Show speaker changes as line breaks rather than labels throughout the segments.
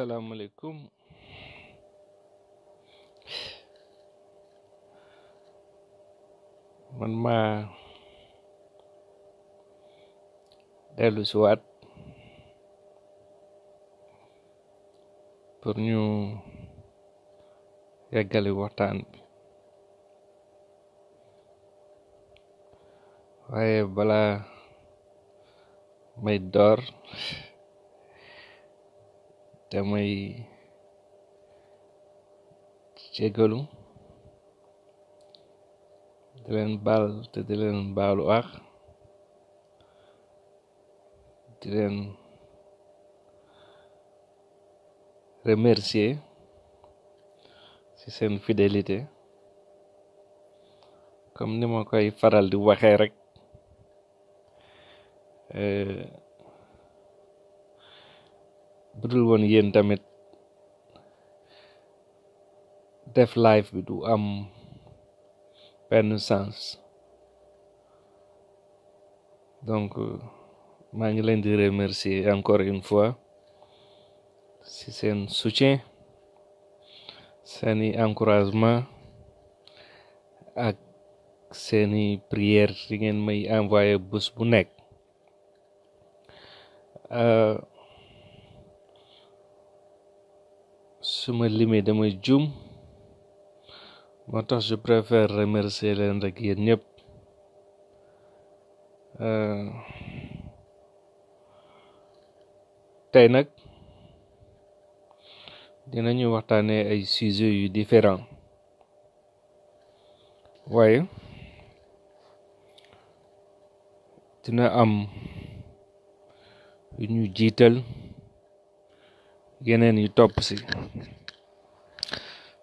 asalaamaaleykum man ma dellu si waat pour ñu yàggali waxtaan bi bala may door te mooy jégalu baal te baalu aax di leen remercier ci seen fidélité comme ni ma koy faral di waxee rek. Euh, budul woon yéen tamit def live bi du am benn sens donc maa ngi leen di remercier encore une fois si seen soutien seeni encouragement ak seeni prière yi ngeen may envoyé bés bu nekk euh, suma ma limee damay jum moo tax je préfère remercier leen rek yéen ñëpp euh, tey nag dinañu waxtaanee ay sujets yu différents waaye dina am yu ñu jiital yeneen yi topp si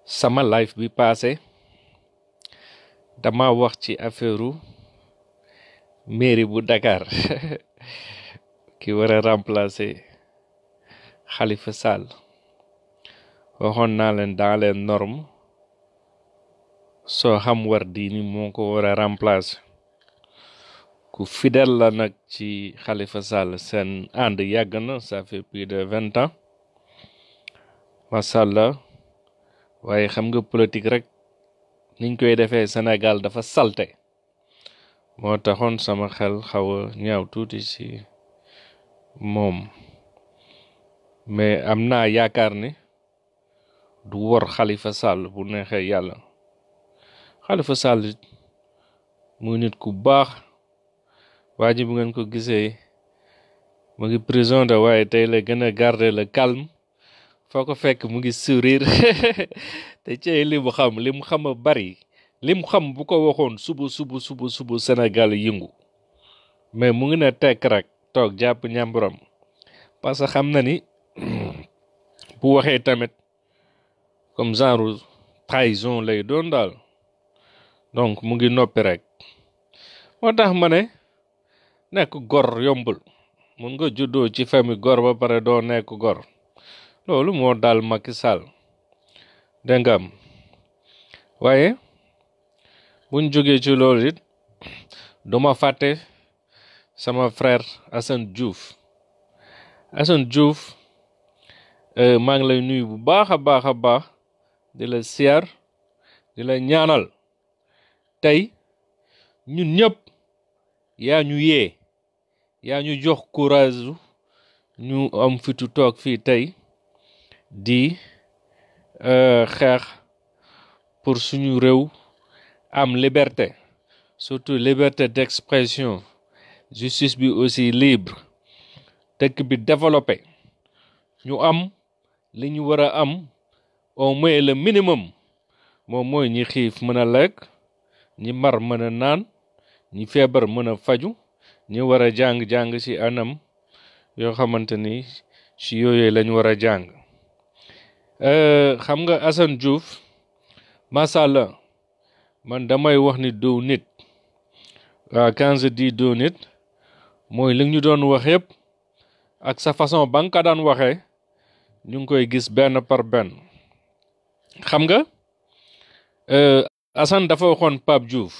sama live bi paase dama wax ci affaireu mairie bu Dakar ki war a remplacer Khalifa Sall waxoon naa leen daaleen les soo xam war diini moo ko war a remplacer ku fidèle la nag ci Khalifa Sall seen ànd yàgg na ça fait plus de vingt ans masàllah waaye xam nga politique rek niñ koy defee Sénégal dafa salte moo taxoon sama xel xaw a ñaaw tuuti si moom mais am naa yaakaar ni du wor Khalifa Sall bu neexee yàlla Khalifa Sall muy nit ku baax waa ji bu ngeen ko gisee mu ngi prison de waaye tey la gën a garder le calme foo ko fekk mu ngi sourire te ci li mu xam li mu xam a bari li mu xam bu ko waxoon suba suba suba suba Sénégal yëngu mais mu ngi ne tekk rek toog jàpp ñàmburam parce que xam na ni bu waxee tamit comme genre trahison lay doon daal donc mu ngi noppi rek moo tax ma ne nekk gor yombul mun nga juddoo ci famille gor ba pare doo nekk gor loolu moo daal Macky Sall dégg am waaye buñ jógee ci loolu it duma fàtte sama frère Assane juuf assan juuf euh, maa ngi lay nuyu bu baax a baax a baax di la siyaar di la ñaanal tey ñun ñëpp yaa ñu yee yaa ñu jox courage ñu am fitu toog fii tey di euh, xeex pour suñu réew am liberté surtout liberté d'expression justice bi aussi libre dëkk bi développé ñu am li ñu war a am au moins le minimum moom mooy ñi xiif mën a lekk ñi mar mën a naan ñi feebar mën a faju ñi war a jàng-jàng ci anam yoo xamante ni ci yooyu lañu war a jàng Eh, xam nga Assane Diouf macha allah man damay wax ni doo nit waaw ah, quand je dis nit mooy li ñu doon wax yëpp ak sa façon ba nga ko daan waxee ñu ngi koy gis benn par benn xam nga eh, Assane dafa waxoon Pape Diouf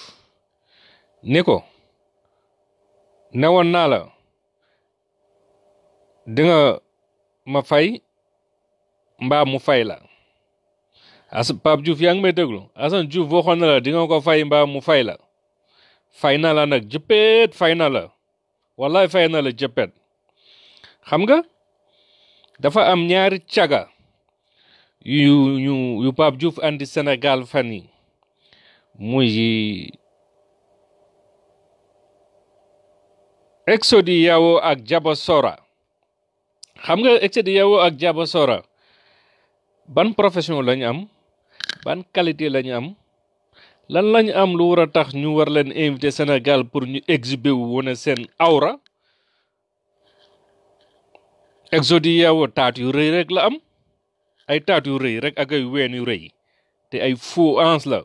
ni ko newoon naa la di ma fay mbaa mu fay la as Pape Diouf yaa ngi may déglu Assane Diouf waxoon na la di ko fay mbaa mu fay la fay na la nag jëppeet fay na la wallaay fay na la xam nga dafa am ñaari caga yu ñu yu Pape Diouf andi Sénégal fan yi muy Exodiyawo ak Jabasora xam nga Exodiyawo ak Jabasora ban profession lañu am ban qualité lañu am lan lañu am lu war a tax ñu war leen invité Sénégal pour ñu exhiber wu wane seen awra exode yi yow taat yu rëy rek la am ay taat yu rëy rek ak ay ween yu rëy te ay faux anse la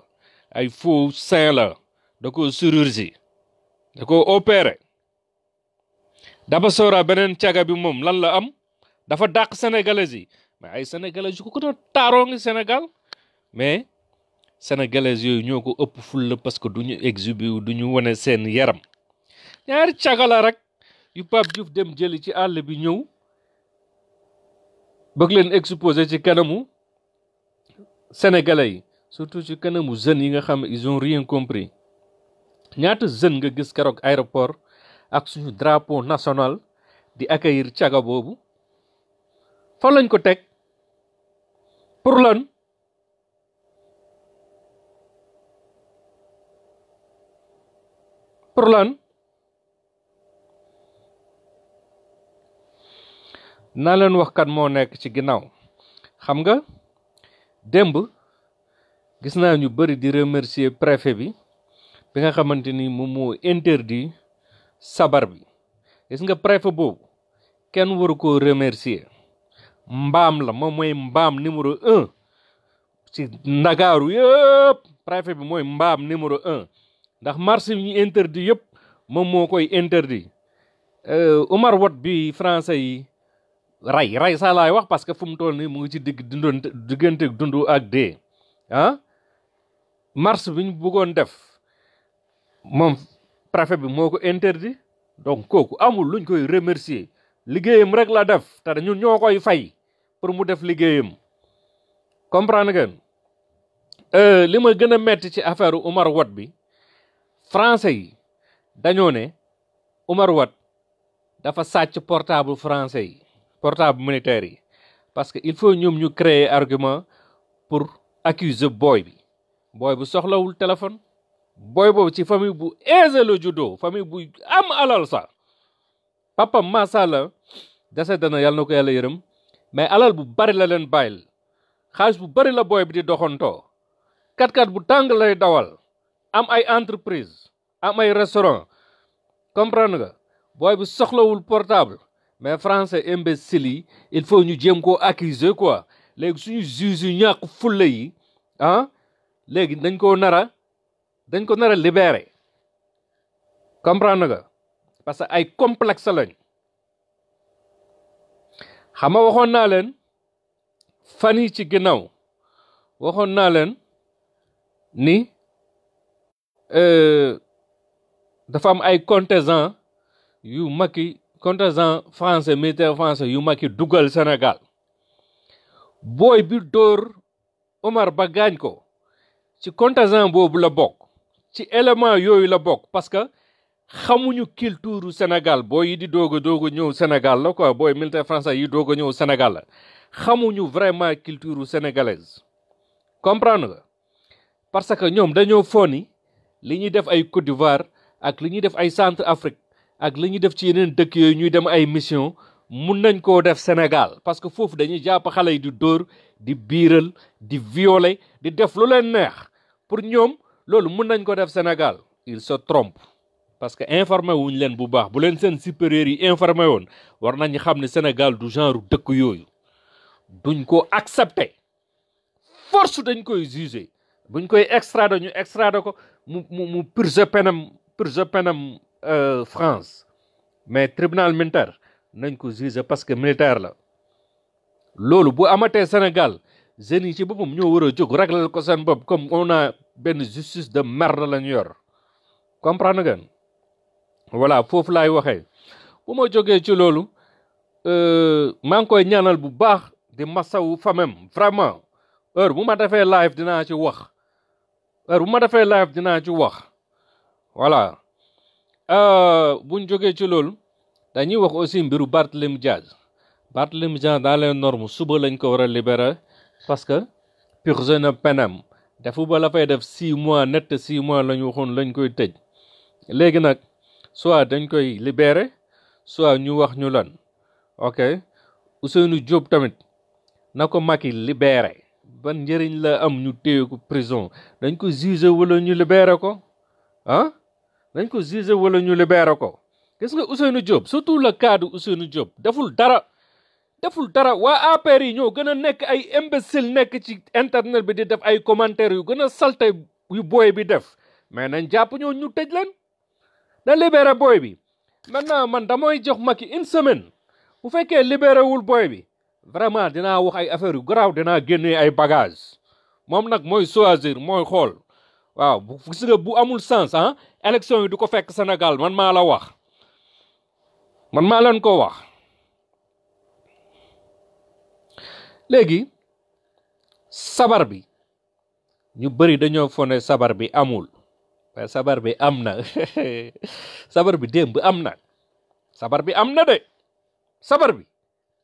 ay faux sein la da ko chirurgie da ko opéré Daba Sora beneen caga bi moom lan la am dafa dàq sénégalais yi mais ay sénégalais yu ko gën a taaroo ngi mais sénégalais yooyu ñoo ko ëpp fulla parce que du ñu exhiber du ñu wone seen yaram ñaari cagala rek yu Pape Diouf dem jëli ci àll bi ñëw bëgg leen exposé ci kanamu sénégalais yi surtout ci kanamu jeunes yi nga xam ils ont rien compris ñaata jeune nga gis keroog aéroport ak suñu drapeau national di accueillir caga boobu fan ko teg pour lan pour lan naa leen wax moo nekk ci ginnaaw xam nga démb gis naa ñu bari di remercier préfet bi bi nga xamante ni moom moo interdit sabar bi gis nga préfet boobu kenn waru koo remercier mbaam la moom mooy mbaam numéro un ci ndakaaru yëpp préfet bi mooy mbaam numéro un ndax marché yi ñu interdit yëpp moom moo koy interdi euh, Omar Wat bi français yi rey rey saa laay wax parce que fu mu toll nii mu ngi ci digg dundoon diggante dundu ak dee ah marche bi ñu bëggoon def moom préfet bi moo ko interdit donc kooku amul luñ koy remercier liggéeyam rek la def te ñun ñoo koy fay pour mu def liggéeyam comprendre ngeen euh, li ma gën a metti ci affaire Umar Wat bi français yi dañoo ne Umar Wat dafa sàcc portable français yi portable militaire yi parce que il faut ñoom ñu créer argument pour accuser booy bi booy bu soxlawul téléphone booy boobu ci famille bu aisée la juddoo famille bu am alal sax papam macha allah desete na yàlla na ko yàlla yërëm mais alal bu bari la leen bàyyil xaalis bu bari la booy bi di doxantoo kat-kat bu tàng lay dawal am ay entreprise am ay restaurant comprendre nga booy bi soxlawul portable mais français imbécile yi il faut ñu jéem koo accuser quoi léegi suñu juge yu ñàkk fulla yi ah léegi dañ koo nara dañ ko nara libéré parce que ay complexe lañ xam nga waxoon naa leen fan yi ci ginnaaw waxoon naa leen ni euh, dafa am ay contingent yu Macky contingent français militaire français yu Macky dugal Sénégal booy bi dóor Omar Ba gaañ ko ci contingent boobu la bokk ci élément yooyu la bokk parce que xamuñu culture Sénégal booy yi di doog a doog a ñëw Sénégal la quoi booy militaire français yi doog a ñëw Sénégal la xamuñu vraiment culture sénégalaise comprendre nga parce que ñoom dañoo fooni li ñuy def ay Côte d'Ivoire ak li ñuy def ay Centre Afrique ak li ñuy def ci yeneen dëkk yooyu ñuy dem ay mission mun nañ koo def Sénégal parce que foofu dañuy jàpp xale yi di dóor di biiral di violer di def lu leen neex pour ñoom loolu mun nañ ko def Sénégal il se trompe parce que informé wuñ leen bu baax bu leen seen supérieurs yi informé woon war nañu xam ne Sénégal du genre dëkk yooyu duñ ko accepté force dañ koy jugé buñ koy extradé ñu extradé ko mu mu mu purge penam purge penam euh, France mais tribunal militaire nañ ko jugé parce que militaire la loolu bu amatee Sénégal jeunes yi ci boppam ñoo war a jóg raglal ko seen bopp comme on a benn justice de merde la ñu yor comprendre ngeen voilà foofu laay waxee bu ma jógee ci loolu euh, maa ngi koy ñaanal bu baax di masawu famem vraiment heure bu ma defee live dinaa ci wax heure bu ma defee live dinaa ci wax voilà euh, buñ jógee ci loolu dañuy wax aussi mbiru Barthélémy Diaz Barthélémy Diaz dans les normes suba lañ ko war a libérer parce que purgé na penam defu ba la fay def six mois net six mois la ñu waxoon lañ koy tëj léegi nag soit dañ koy libérer soit ñu wax ñu lan ok Ousseynou jóob tamit na ko Macky libérer ban njëriñ la am ñu téye ko prison dañ ko juger wala ñu libérer ko ah dañ ko juger wala ñu libérer ko gis nga Ousseynou jóob surtout le cas de jóob deful dara deful dara waa APR yi ñoo gën a nekk ay imbécile nekk ci internet bi di def ay commentaires yu gën a salte yu booy bi def mais nañ jàpp ñoo ñu tëj leen na libéré booy bi maintenant man damooy jox Macky une semaine bu fekkee libeerewul booy bi vraiment dinaa wax ay affaire yu garaaw dinaa génnee ay bagages moom nag mooy choisir mooy xool waaw bu gis bu amul sens ah élection yi du ko fekk Sénégal man maa la wax man maa leen ko wax léegi sabar bi ñu bëri dañoo fone sabar bi amul waaye sabar bi am na sabar bi démb am na sabar bi am na de sabar bi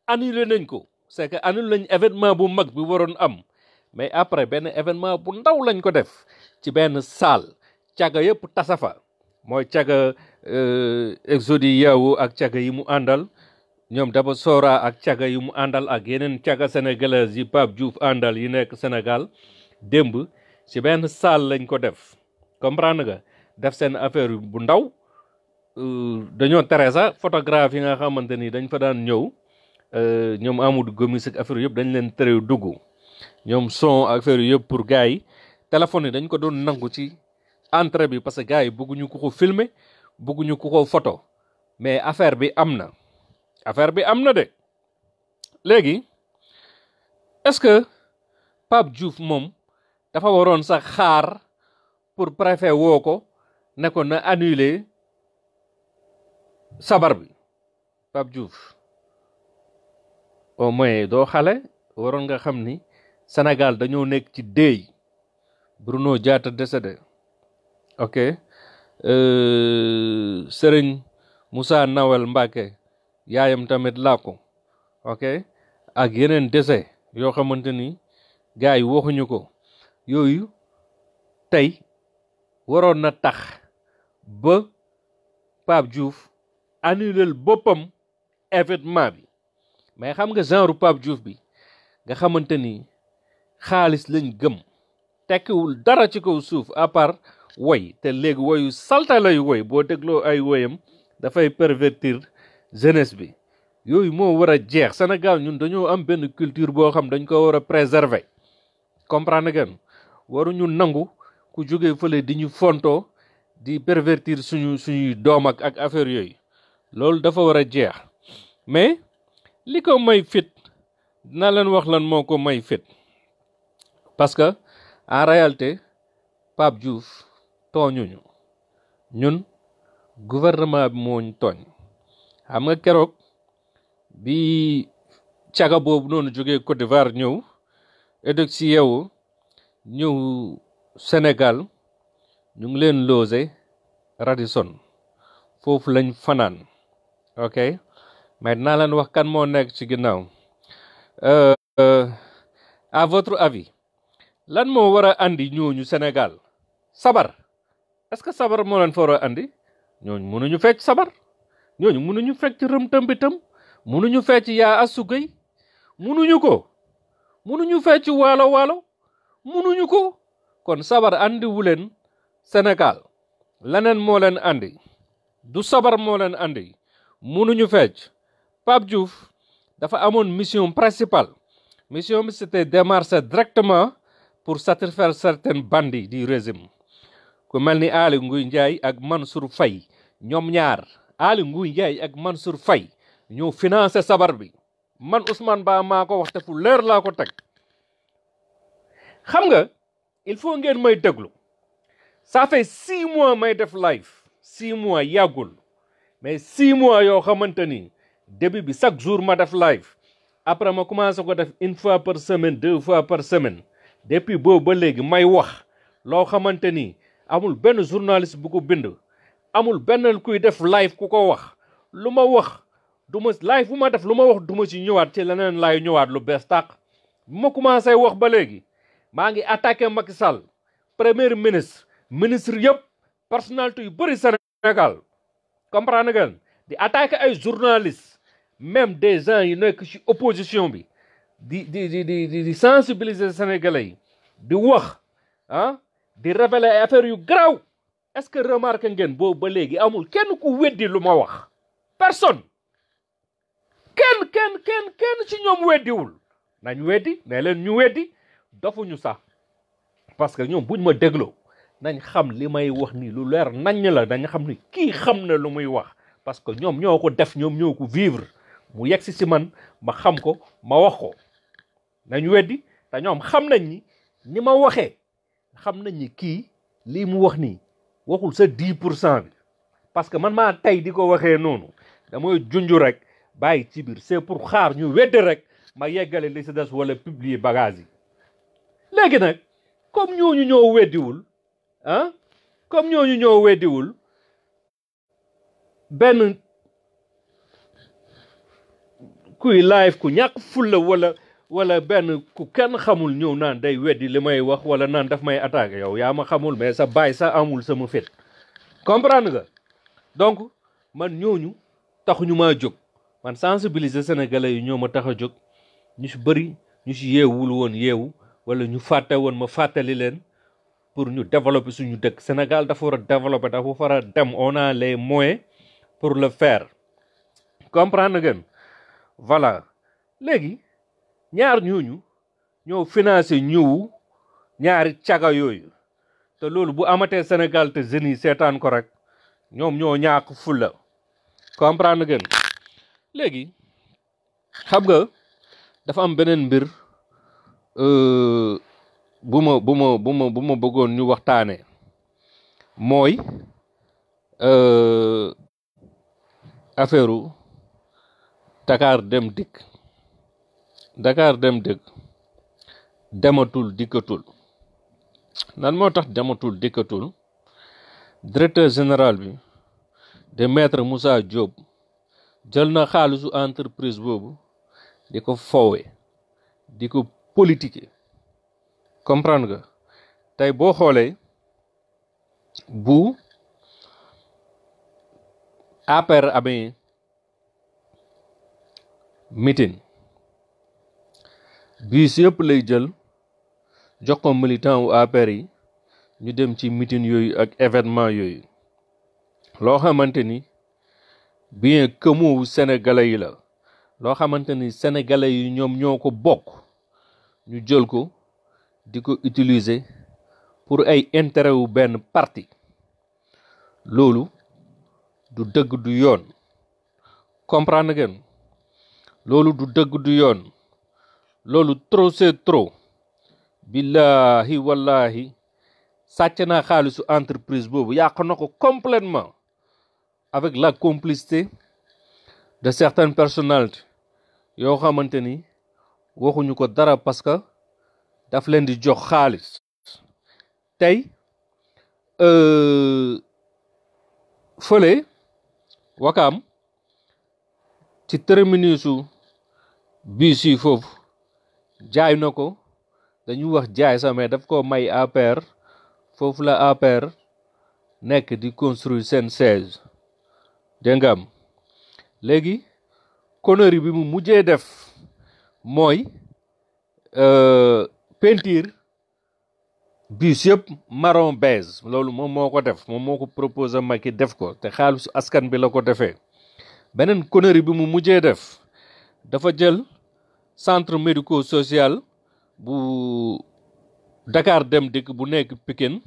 annulé nañ ko c'est que annulé nañ événement bu mag bi waroon am mais après benn événement bu ndaw lañ ko def ci benn salle caga yëpp tasafa mooy caga euh, exodi yawu ak caga yi mu àndal ñoom daba soora ak caga yi mu àndal ak yeneen caga sénégalaise yi Pape Diouf àndal yi nekk senegal démb ci benn salle lañ ko def comprendre nga def seen affaire bu ndaw euh, dañoo tere sax photographe yi nga xamante ni dañ fa daan ñëw euh, ñoom Amadou Gomis ak affaire yëpp dañ leen tere dugg ñoom son affaire yëpp pour gars yi téléphone yi dañ ko doon nangu ci entrée bi parce que gars yi bëgguñu ko ko filmer bëgguñu ko ko photo mais affaire bi am na affaire bi am na de léegi est-ce que Pape Diouf moom dafa waroon sax xaar. pour préfet woo ko ne ko na annuler sabar bi Pape Diouf au moins doo xale waroon nga xam ni Sénégal dañoo nekk ci déey Bruno Diatta décédé ok euh, Serigne Moussa Nawel Mbacke yaayam tamit ko ok ak yeneen décès yoo xamante ni gars yi waxuñu ko yooyu tey waroon na tax ba Pape Diouf annulel boppam événement bi mais xam nga genre Pape Diouf bi nga xamante ni xaalis lañ gëm tekkiwul dara ci kaw suuf à part woy te léegi woyu salta lay woy boo dégloo ay woyam dafay pervertir jeunesse bi yooyu moo war a jeex Sénégal ñun dañoo am benn culture boo xam dañ ko war a préserver comprendre ngeen waruñu nangu ku jóge fële di ñu fontoo di pervertir suñu suñuy doom ak ak affaire yooyu loolu dafa war a jeex mais li ko may fit dina leen wax lan moo ko may fit parce que en réalité Pape Diouf tooñuñu ñun gouvernement bi moo tooñ xam nga keroog bi caga boobu noonu jógee Côte d'Ivoire ñëw edog si yeewu ñëw Sénégal ñu ngi leen loosé Radisson foofu lañu fanaan ok mais dinaa leen wax kan moo nekk ci ginnaaw euh, euh, à votre avis lan moo war a andi ñooñu Sénégal sabar est que sabar moo leen fa war a andi ñooñu mënuñu fecc sabar ñooñu mënuñu fecc rëmtëm bi tam mënuñu fecc yaa asugay mënuñu ko mënuñu fecc waalo waalo mënuñu ko kon sabar andi wuleen Sénégal leneen moo leen andi du sabar moo leen andi munuñu feej Pape Diouf dafa amoon mission principale mission bi c'était démarcher directement pour satisfaire certains bandits di régime ku mel ni Aly nguy Ndiaye ak man Mansour fay ñoom ñaar Aly nguy Ndiaye ak man Mansour fay ñoo financé sabar bi man Ousmane Ba maa ko wax fu leer laa ko teg xam nga il faut ngeen may déglu ça fait six mois may def live six mois yàggul mais six mois yoo xamante ni début bi chaque jour ma def live après ma commencé ko def une fois par semaine deux fois par semaine depuis boobu ba léegi may wax loo xamante ni amul benn journaliste bu ko bind amul benn kuy def live ku ko wax lu ma wax du ma live bu ma def lu ma wax duma ma ci ñëwaat ci leneen laay ñëwaat lu bees tàq bu ma commencé wax ba léegi maa ngi attaque Macky Sall premier ministre ministre yëpp personnalité yu bëri Sénégal comprendre ngeen di attaqué ay journalistes même des gens yu nekk ci opposition bi di di di di di sensibiliser sénégalais yi di wax ah di révéler ay affaires yu garaaw est-ce que remarque ngeen boobu ba léegi amul kenn ku weddi lu ma wax personne kenn kenn kenn kenn ci ñoom weddiwul nañ weddi ne leen ñu weddi dafuñu sax parce que ñoom buñ ma dégloo nañ xam li may wax nii lu leer naññ la dañ xam ni kii xam na lu muy wax parce que ñoom ñoo ko def ñoom ñoo ko vivre mu yegg si si man ma xam ko ma wax ko nañ weddi te ñoom xam nañ ni ni ma waxee xam nañ ni kii lii mu wax nii waxul sa dix pour cent parce que man maa tey di ko waxee noonu damay junju rek bàyyi ci biir c'est pour xaar ñu weddi rek ma yeggale li si des wala publier bagage yi léegi nag comme ñooñu ñoo weddiwul ah comme ñooñu ñoo weddiwul benn kuy live ku ñàkk fulla walla wala benn ku kenn xamul ñëw naan day weddi li may wax wala naan daf may attaqué yow yaa ma xamul mais sa baay sa amul sama fit comprendre nga donc man ñooñu taxuñu maa jóg man sensibiliser sénégalais yi ñoo ma tax a jóg ñu si bëri ñu si yeewul woon yeewu wala ñu fàtte woon ma fàttali leen pour ñu développer suñu dëkk Sénégal dafa war a développer dafa war a dem on a les moyens pour le fair comprendre ngeen voilà léegi ñaar ñooñu ñoo financé ñëw ñaari caga yooyu te loolu bu amatee Sénégal te jeunes yi seetaan ko rek ñoom ñoo ñàkk fulla comprendre ngeen léegi xam nga dafa am beneen mbir Euh, bu ma bu ma bu ma bu ma bëggoon ñu waxtaane mooy euh, affaire u Dakar dem dikk Dakar dem dikk dematul dikkatul nan moo tax dematul dikkatul directeur général bi de maître Moussa Diop jël na xaalisu entreprise boobu di ko fowe di ko politique comprendre nga tey boo xoolee bu APR amee meeting bis yëpp lay jël jox ko militant wu APR yi ñu dem ci meeting yooyu ak événement yooyu loo xamante ni bien que mu sénégalais yi la loo xamante ni sénégalais yi ñoom ñoo ko bokk ñu jël ko di ko utiliser pour ay intérêt wu benn parti loolu du dëgg du yoon comprendre ngeen loolu du dëgg du yoon loolu trop c'est trop billahi wallahi sàcc na xaalisu entreprise boobu yàq na ko complètement avec la complicité de certaines personnalités yoo xamante ni waxuñu ko dara parce que daf leen di jox xaalis tey euh, fële wakam ci terminusu bus yi foofu jaay na ko dañu wax jaay sax mais daf ko may APR foofu la APR nekk di construire seen siège dégg léegi connerie bi mu mujjee def mooy euh, peinture bus yëpp marron beige loolu moom moo ko def moom moo ko proposé Macky def ko te xaalisu askan bi la ko defee beneen connerie bi mu mujjee def dafa jël centre médico-social bu dakaar Dem Dikk bu nekk Pikine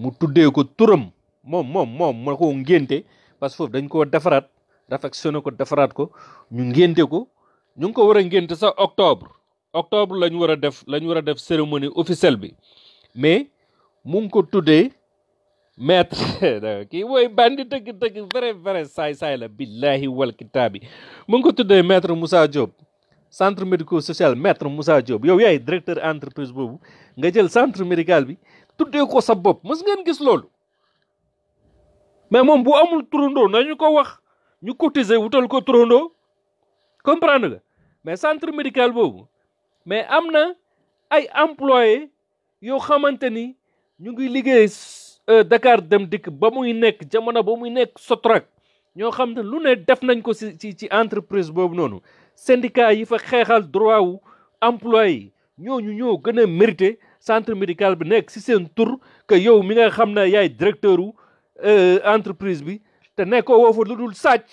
mu tuddee ko turam moom moom moom ma ko ngénte parce que foofu dañ koo defaraat réfectionné ko defaraat ko ñu ngénte ko ñu ngi ko war a ngénte sax octobre octobre lañ war a def lañ war a def cérémonie officielle bi mais mu ngi ko tuddee maître kii mooy bandi dëgg dëgg vrai vrai saay saay la billahi wal kitaabi mu ngi ko tuddee maître Moussa Diop centre médico social maître Moussa Diop yow yaay directeur entreprise boobu nga jël centre médical bi tuddee ko sa bopp mës ngeen gis loolu mais moom bu amul turandoo nañu ko wax ñu cotiser wutal ko turandoo comprendre nga mais centre médical boobu mais am na ay employé yoo xamante ni ñu ngi liggéey euh, Dakar dem dikk ba muy nekk jamono ba muy nekk Sotrac ñoo xam ne lu ne def nañ ko ci ci ci entreprise boobu noonu syndicat yi fa xeexal droit wu employé yi ñooñu ñoo gën a mérité centre médical bi nekk ci seen tur que yow mi nga xam ne yaay directeur wu euh, entreprise bi te nekkoo woo lu dul sàcc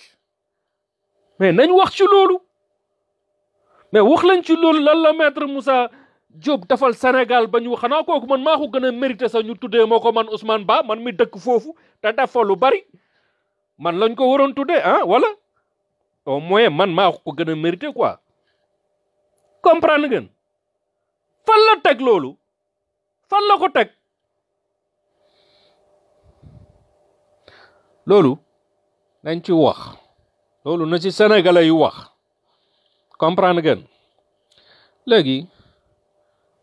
mais nañ wax ci loolu mais wax lañ ci loolu lan la maître Moussa Diop defal Sénégal ba ñu xanaa kooku man maa ko gën a mérité sax ñu tuddee moo ko man Ousmane Ba man mi dëkk foofu te def fa lu bari man lañ ko waroon tuddee ah wala au moins man maa ko gën a mérité quoi comprendre ngeen fan la teg loolu fan la ko teg loolu nañ ci wax loolu na ci sénégalais yu wax comprendre ngeen léegi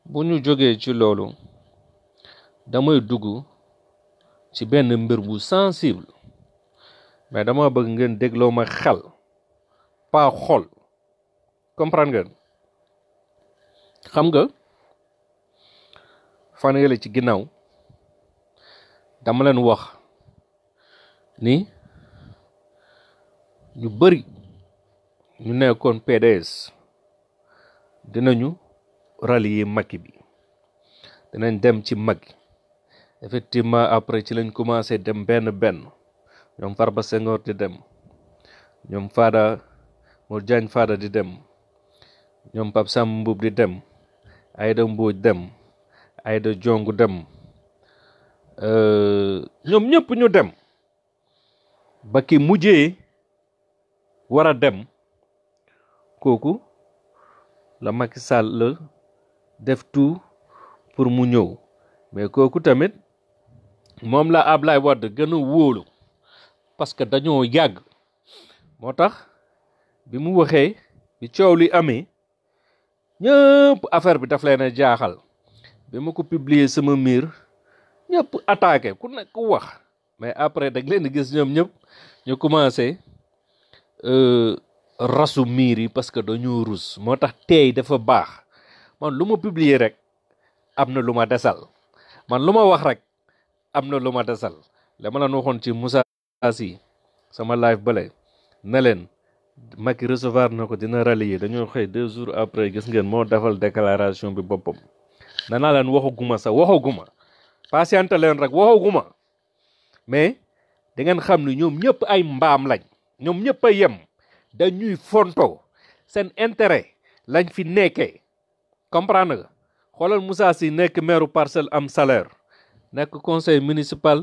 bu ñu jógee ci loolu damay dugg ci benn mbir bu sensible mais dama bëgg ngeen dégloo ma xel pas xol comprendre ngeen xam nga fan yële ci ginnaaw dama leen wax ni ñu bëri ñu nekkoon PDS dinañu rallier Macky bi dinañ dem ci Macky effectivement après ci lañ commencé dem benn benn ñoom Farba Senghor di dem ñoom Fada Mor Diagne Fada di dem ñoom Pape Sam di dem Aïda Mbodj dem Aïda Diongue dem euh, ñoom ñëpp ñu dem ba mujjee war a dem kooku la Macky Sall la def tout pour mu ñëw mais kooku tamit moom laa la Ablaye Wade gën a wóolu parce que dañoo yàgg moo tax bi mu waxee bi coow li amee ñëpp affaire bi daf leen a jaaxal bi ma ko publier sama miir ñëpp attaqué ku nekk wax mais après dag leen gis ñoom ñëpp ñu commencé Euh, rasu miir yi parce que dañoo rus moo tax teey dafa baax man lu ma publier rek am na lu ma desal man lu ma wax rek am na lu ma desal la ma leen waxoon ci Moussa Sy sama live bale ne leen Macky recevoir na ko dina rallier dañoo xëy deux jours après gis ngeen moo defal déclaration bi boppam danaa leen waxaguma sax waxaguma patiente leen rek waxaguma mais da ngeen xam ne ñoom ñëpp ay mbaam lañ ñoom ñëpp a yem dañuy fonto seen intérêt lañ fi nekkee comprendre nga xoolal Moussa si nekk maire parcelle am salaire nekk conseil municipal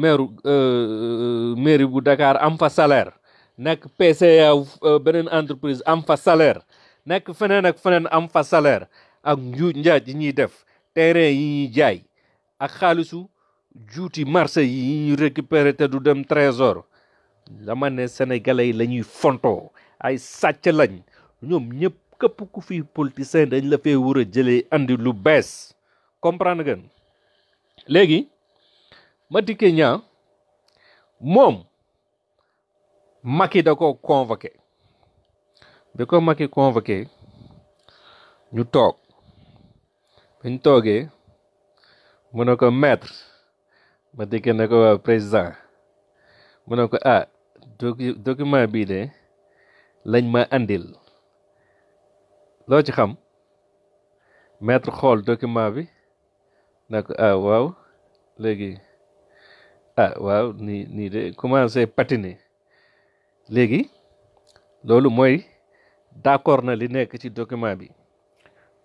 maire euh, euh, mairie bu Dakar am fa salaire nekk PCA euh, beneen entreprise am fa salaire nekk feneen ak feneen am fa salaire ak njuuj njaaj yi ñuy def terrain yi ñuy jaay ak xaalisu juuti marché yi ñuy récupérer du dem trésor dama ne sénégalais yi lañuy ñuy fontoo ay sàcc lañ ñoom ñëpp këpp ku fi politicien dañ la fee war a jëlee andi lu bees comprendre ngeen léegi Madické Niang moom Macky da ko convoqué bi ko Macky convoqué ñu toog biñ toogee mu ne ko maître Madické ne ko waa président mu ne ko ah docu document bii de lañ ma andil loo ci xam maître xool document bi ne ko ah waaw léegi ah waaw nii nii de commencé patiner léegi loolu mooy d'accord na li nekk ci document bi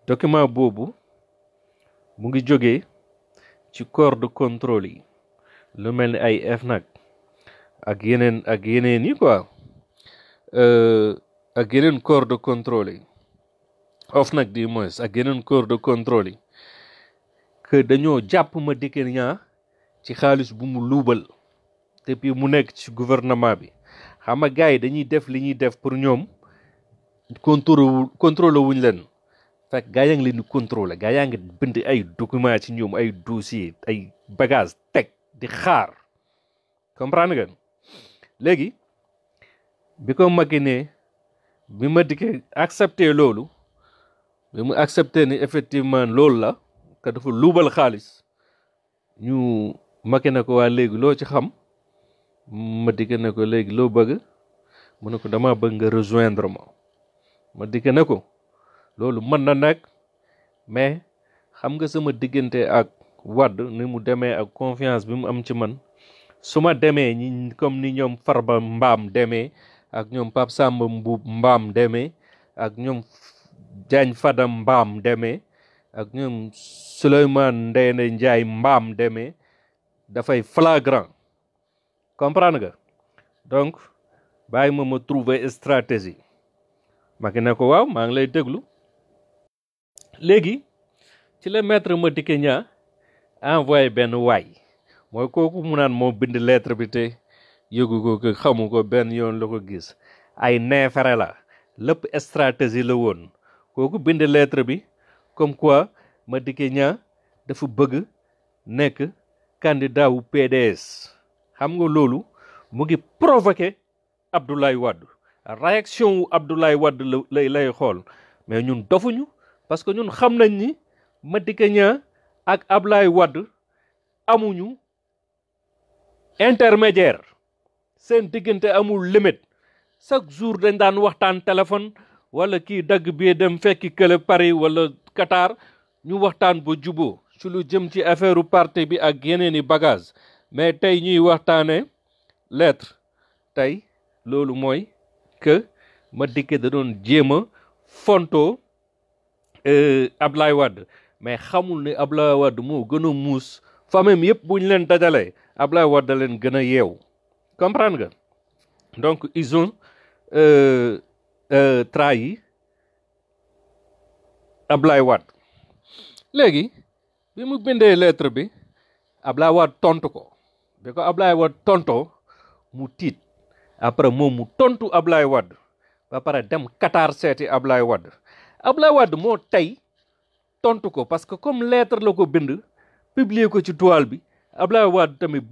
document boobu mu ngi jógee ci corps de contrôle yi lu mel ni ay FNAC ak yeneen ak yeneen yi quoi euh, ak yeneen corps de contrôle yi nag di moins ak yeneen corps de contrôle yi que dañoo jàpp Madické Niang ci xaalis bu mu luubal depuis mu nekk ci gouvernement bi xam a gars yi dañuy def li ñuy def pour ñoom contrôle contrôlé wuñ leen fekk gaa yaa ngi leen di contrôlé gaa yaa ngi bind ay documents ci ñoom ay dossier ay bagages teg di xaar comprendre léegi bi ko Macky ne bi ma dikkee accepté loolu bi mu accepté ni effectivement loolu la que dafa luubal xaalis ñu Macky ko waa léegi loo ci xam ma dikkee ne ko léegi loo bëgg mun ne ko dama bëgg nga rejoindre ma ma dikkee ne ko loolu mën na nekk mais xam nga sama diggante ak Wade ni mu demee ak confiance bi mu am ci man su ma demee ñi comme ni ñoom far ba Mbaam demee ak ñoom Pape Samba Mbuub Mbaam demee ak ñoom Diagne Fada Mbaam demee ak ñoom Souleymane Ndéné Ndiaye Mbaam demee dafay flagrant comprendre nga donc bàyyi ma ma trouver stratégie ma ne ko waaw maa ngi lay déglu léegi ci la ma Madické ñaa envoyé benn waay mooy kooku mu naan moo bind lettre bi te yëgu ko ko xamu ko benn yoon la ko gis ay neefare la lépp stratégie la woon kooku bind lettre bi comme quoi ma Madické Niang dafa bëgg nekk candidat wu PDS xam nga loolu mu ngi provoqué Abdoulaye Wade réaction wu Abdoulaye Wade la lay xool mais ñun dofuñu parce que ñun xam nañ ni Madické Niang ak Abdoulaye Wade amuñu intermédiaire seen diggante amul limite chaque jour dañ daan waxtaan téléphone wala kii dagg bi dem fekki kële Paris wala Qatar ñu waxtaan ba jubo ci lu jëm ci affaire parti bi ak yeneen i bagage mais tey ñuy waxtaane lettre tey loolu mooy ma Madické da doon jéem a fontoo euh, Ablaye Wade mais xamul ne Ablaye Wade moo gën a muus famille mi yëpp bu ñu leen dajalee Ablaye Wade leen gën a yeew comprendre nga donc ils ont euh, euh, trahi Ablaye Wade léegi bi mu bindee lettre bi Ablaye Wade tontu ko bi ko Ablaye Wade tontoo mu tiit après moom mu tontu Ablaye wadd ba pare dem Qatar seeti Ablaye Wade Ablaye Wade moo tey tontu ko parce que comme lettre la ko bind. publier ko ci toile bi Ablaye Wade tamit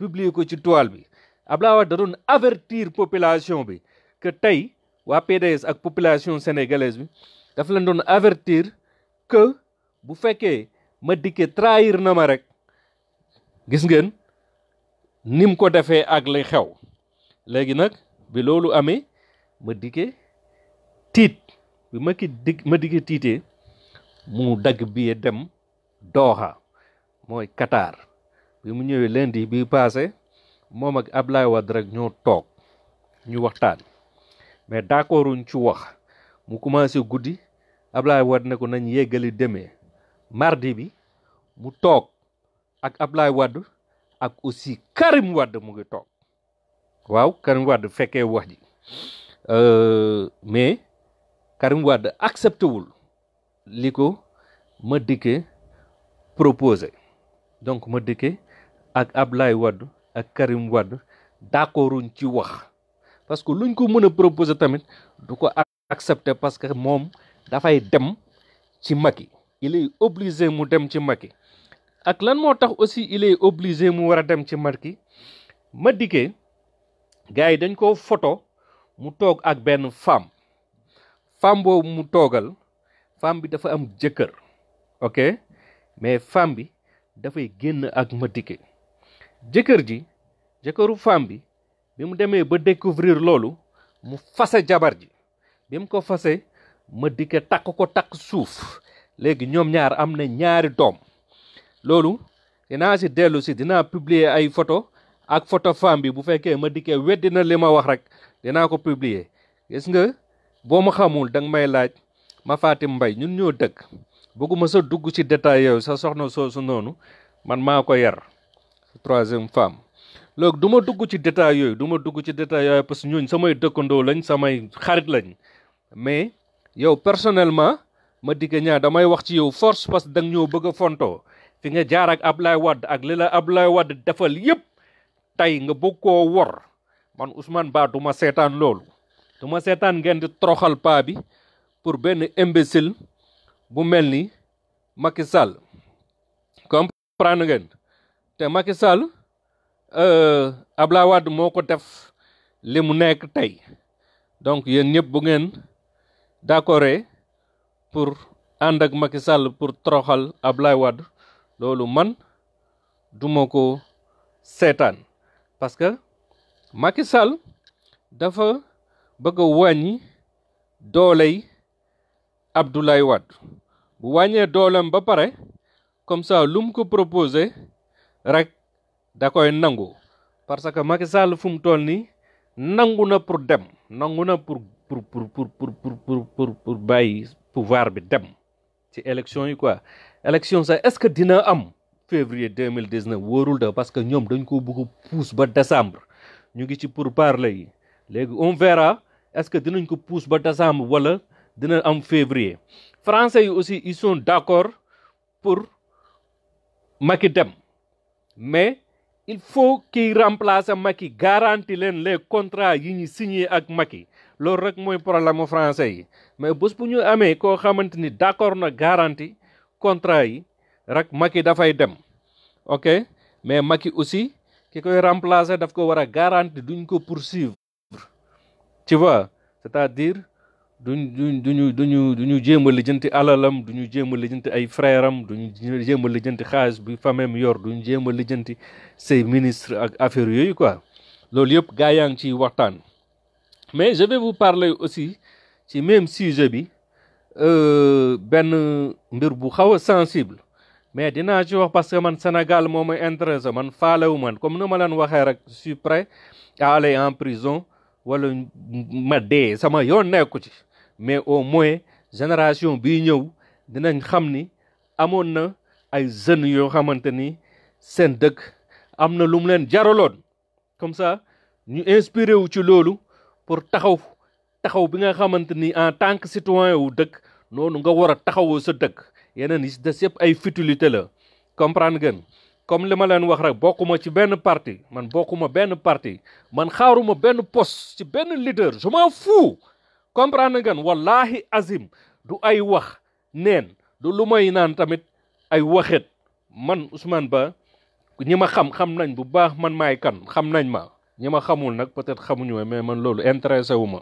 publier ko ci toile bi Ablaye Wade da doon avertir population bi que tey waa PDS ak population sénégalaise bi daf leen doon avertir que bu fekkee ma dikkee trahir na ma rek gis ngeen nim ko defee ak lay xew léegi nag bi loolu amee ma dikkee tiit bi ma ki dig ma dikkee tiitee mu dagg bi dem Doha mooy Qatar bi mu ñëwee lundi bi paase moom ak Ablaye Wade rek ñoo toog ñu waxtaan mais d'accorduñ ci wax mu commencé guddi Ablaye wadd ne ko nañ yeggali deme mardi bi mu toog ak Ablaye Wade ak aussi Karim Wade mu ngi toog waaw Karim Wade fekkee wax ji euh, mais Karim Wade accepté li ko ma dikkee proposé donc ma dëkke ak Ablaye Wade ak Karim Wade d'accorduñ ci wax parce que lu luñ ko mën a proposer tamit du ko accepter parce que moom dafay dem ci Macky il est obligé mu dem ci Macky ak lan moo tax aussi il est mu war a dem ci Macky ma dikkee gars yi dañ koo photo mu toog ak benn femme femme boobu mu toogal femme bi dafa am jëkkër ok mais femme bi dafay génn ak ma dikke jëkkër ji jëkkëru femme bi bi mu demee ba découvrir loolu mu fase jabar ji bi mu ko fase ma dikke takk ko takk suuf léegi ñoom ñaar am na ñaari doom loolu dinaa si dellu si dinaa publier ay photo ak photo femme bi bu fekkee ma dikkee weddi na li ma wax rek dinaa ko publier gis nga boo ma xamul danga may laaj ma Fatim mbay ñun ñoo dëkk bëgguma sa dugg ci détail yooyu sa soxna soosu noonu man maa ko yar troisième femme loolu du ma dugg ci détail yooyu duma dugg ci détail yooyu parce que ñooñ samay dëkkandoo lañ samay xarit lañ mais yow personnellement ma digg ñaa damay wax ci yow force parce que da nga ñoo bëgg a fontoo fi nga jaar ak Ablaye Wade ak li la Ablaye Wade defal yépp tey nga bëgg koo wor man Ousmane baa du ma seetaan loolu du seetaan ngeen di troxal paa bi pour benn imbécile bu mel ni Macky Sall comprendre ngeen te Macky Sall euh, Abdoulaye Wade moo ko def li mu nekk tey donc yéen ñëpp bu ngeen d'accord pour ànd ak Macky Sall pour toroxal Abdoulaye Wade loolu man duma ko seetaan parce que Macky dafa bëgg a wàññi dooley Abdoulaye Wade bu wàññee doolem ba pare comme ça lu mu ko proposé rek da koy nangu parce que Macky Sall fu mu tool nii nangu na pour dem nangu na pour pour pour pour pour pour pour bàyyi pouvoir bi dem ci élection yi quoi élection sax est-ce que dina am février deux mille dix-neuf wóorul da parce que ñoom dañ ko bëgg a pousse ba décembre ñu ngi ci pourparlers yi léegi on verra est-ce que dinañ ko pousse ba décembre wala dina am février français yi aussi ils sont d'accord pour Macky dem mais il faut kiy remplacer Macky garanti leen les contrats yi ñu signé ak Macky loolu rek mooy problème mu français yi mais bés bu ñu amee koo xamante ni d'accord na garanti contrat yi rek Macky dafay dem ok mais Macky aussi ki koy remplacer daf ko war a garanti duñ ko poursuivre tu vois duñ duñ duñu duñu duñu jéem a lijjanti alalam duñu jéem a lijjanti ay frère am duñu jéem a lijjanti xaalis bi famem yor duñu jéem a lijjanti say ministre ak affaire yooyu quoi loolu yëpp gaa yaa ngi ciy waxtaan mais je vais vous parler aussi ci même sujet bi euh, benn mbir bu xaw a sensible mais dinaa ci wax parce que man Sénégal moo ma intéressé man faalewu man comme ni ma leen waxee rek je suis prêt à aller en prison wala ma dee sama yoon nekku ci mais au moins génération bii ñëw dinañ xam ni amoon na ay jeunes yoo xamante ni seen dëkk am na lu leen jaraloon comme ça ñu inspiré wu ci loolu pour taxaw taxaw bi nga xamante ni en tant que citoyen wu dëkk noonu nga war a taxawoo sa dëkk yeneen yi si des yëpp ay futilité la comprendre ngeen comme li ma leen wax rek bokkuma ci benn parti man bokkuma benn parti man xaaruma benn poste ci benn leader je m'en fous comprendre ngeen wallahi azim du ay wax neen du lu may naan tamit ay waxet man Ousmane Ba ñi ma xam xam nañ bu baax man may kan xam nañ ma ñi ma xamul nag peut-être xamuñu ma mais man loolu intéressé wu ma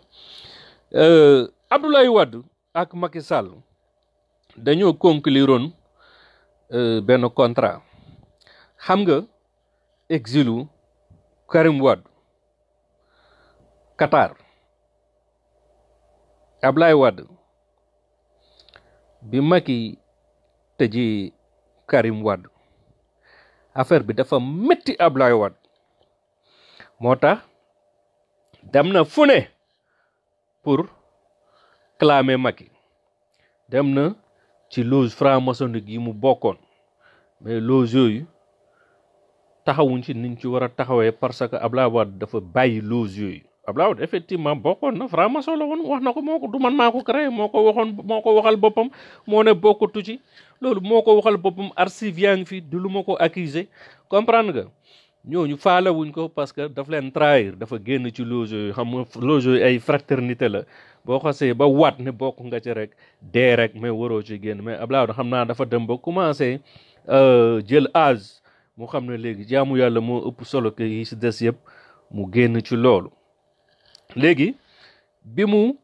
euh, Abdoulaye Wade ak Macky Sall dañoo concluroon euh, benn contrat xam nga exilu Karim Wade Qatar Ablaye Wade bi Macky tëjee Karim Wade affaire bi dafa métti Ablaye wadd moo tax dem na fu ne pour clamer Macky dem na ci loge franc-maçonnique yi mu bokkoon mais loge yooyu taxawuñ ci niñ ci war a taxawee parce que Ablaye Wade dafa bàyyi loge yooyu Abdoulaye Wade effectivement bokkoon na franc solo la woon wax na ko moo ko du man maa ko créé moo ko waxoon moo ko waxal boppam moo ne bokkatu ci loolu moo ko waxal boppam archive yaa ngi fi du lu ma ko accuser comprendre nga ñooñu faale wuñ ko parce que daf leen trahir dafa génn ci loge yooyu xam nga loge yooyu ay fraternité la boo xasee ba waat ne bokk nga ci rek dee rek mais waroo ci génn mais Abdoulaye Wade xam naa dafa dem ba commencé euh, jël âge mu xam ne léegi jaamu yàlla moo ëpp solo que yi si des yëpp mu génn ci loolu léegi bi mu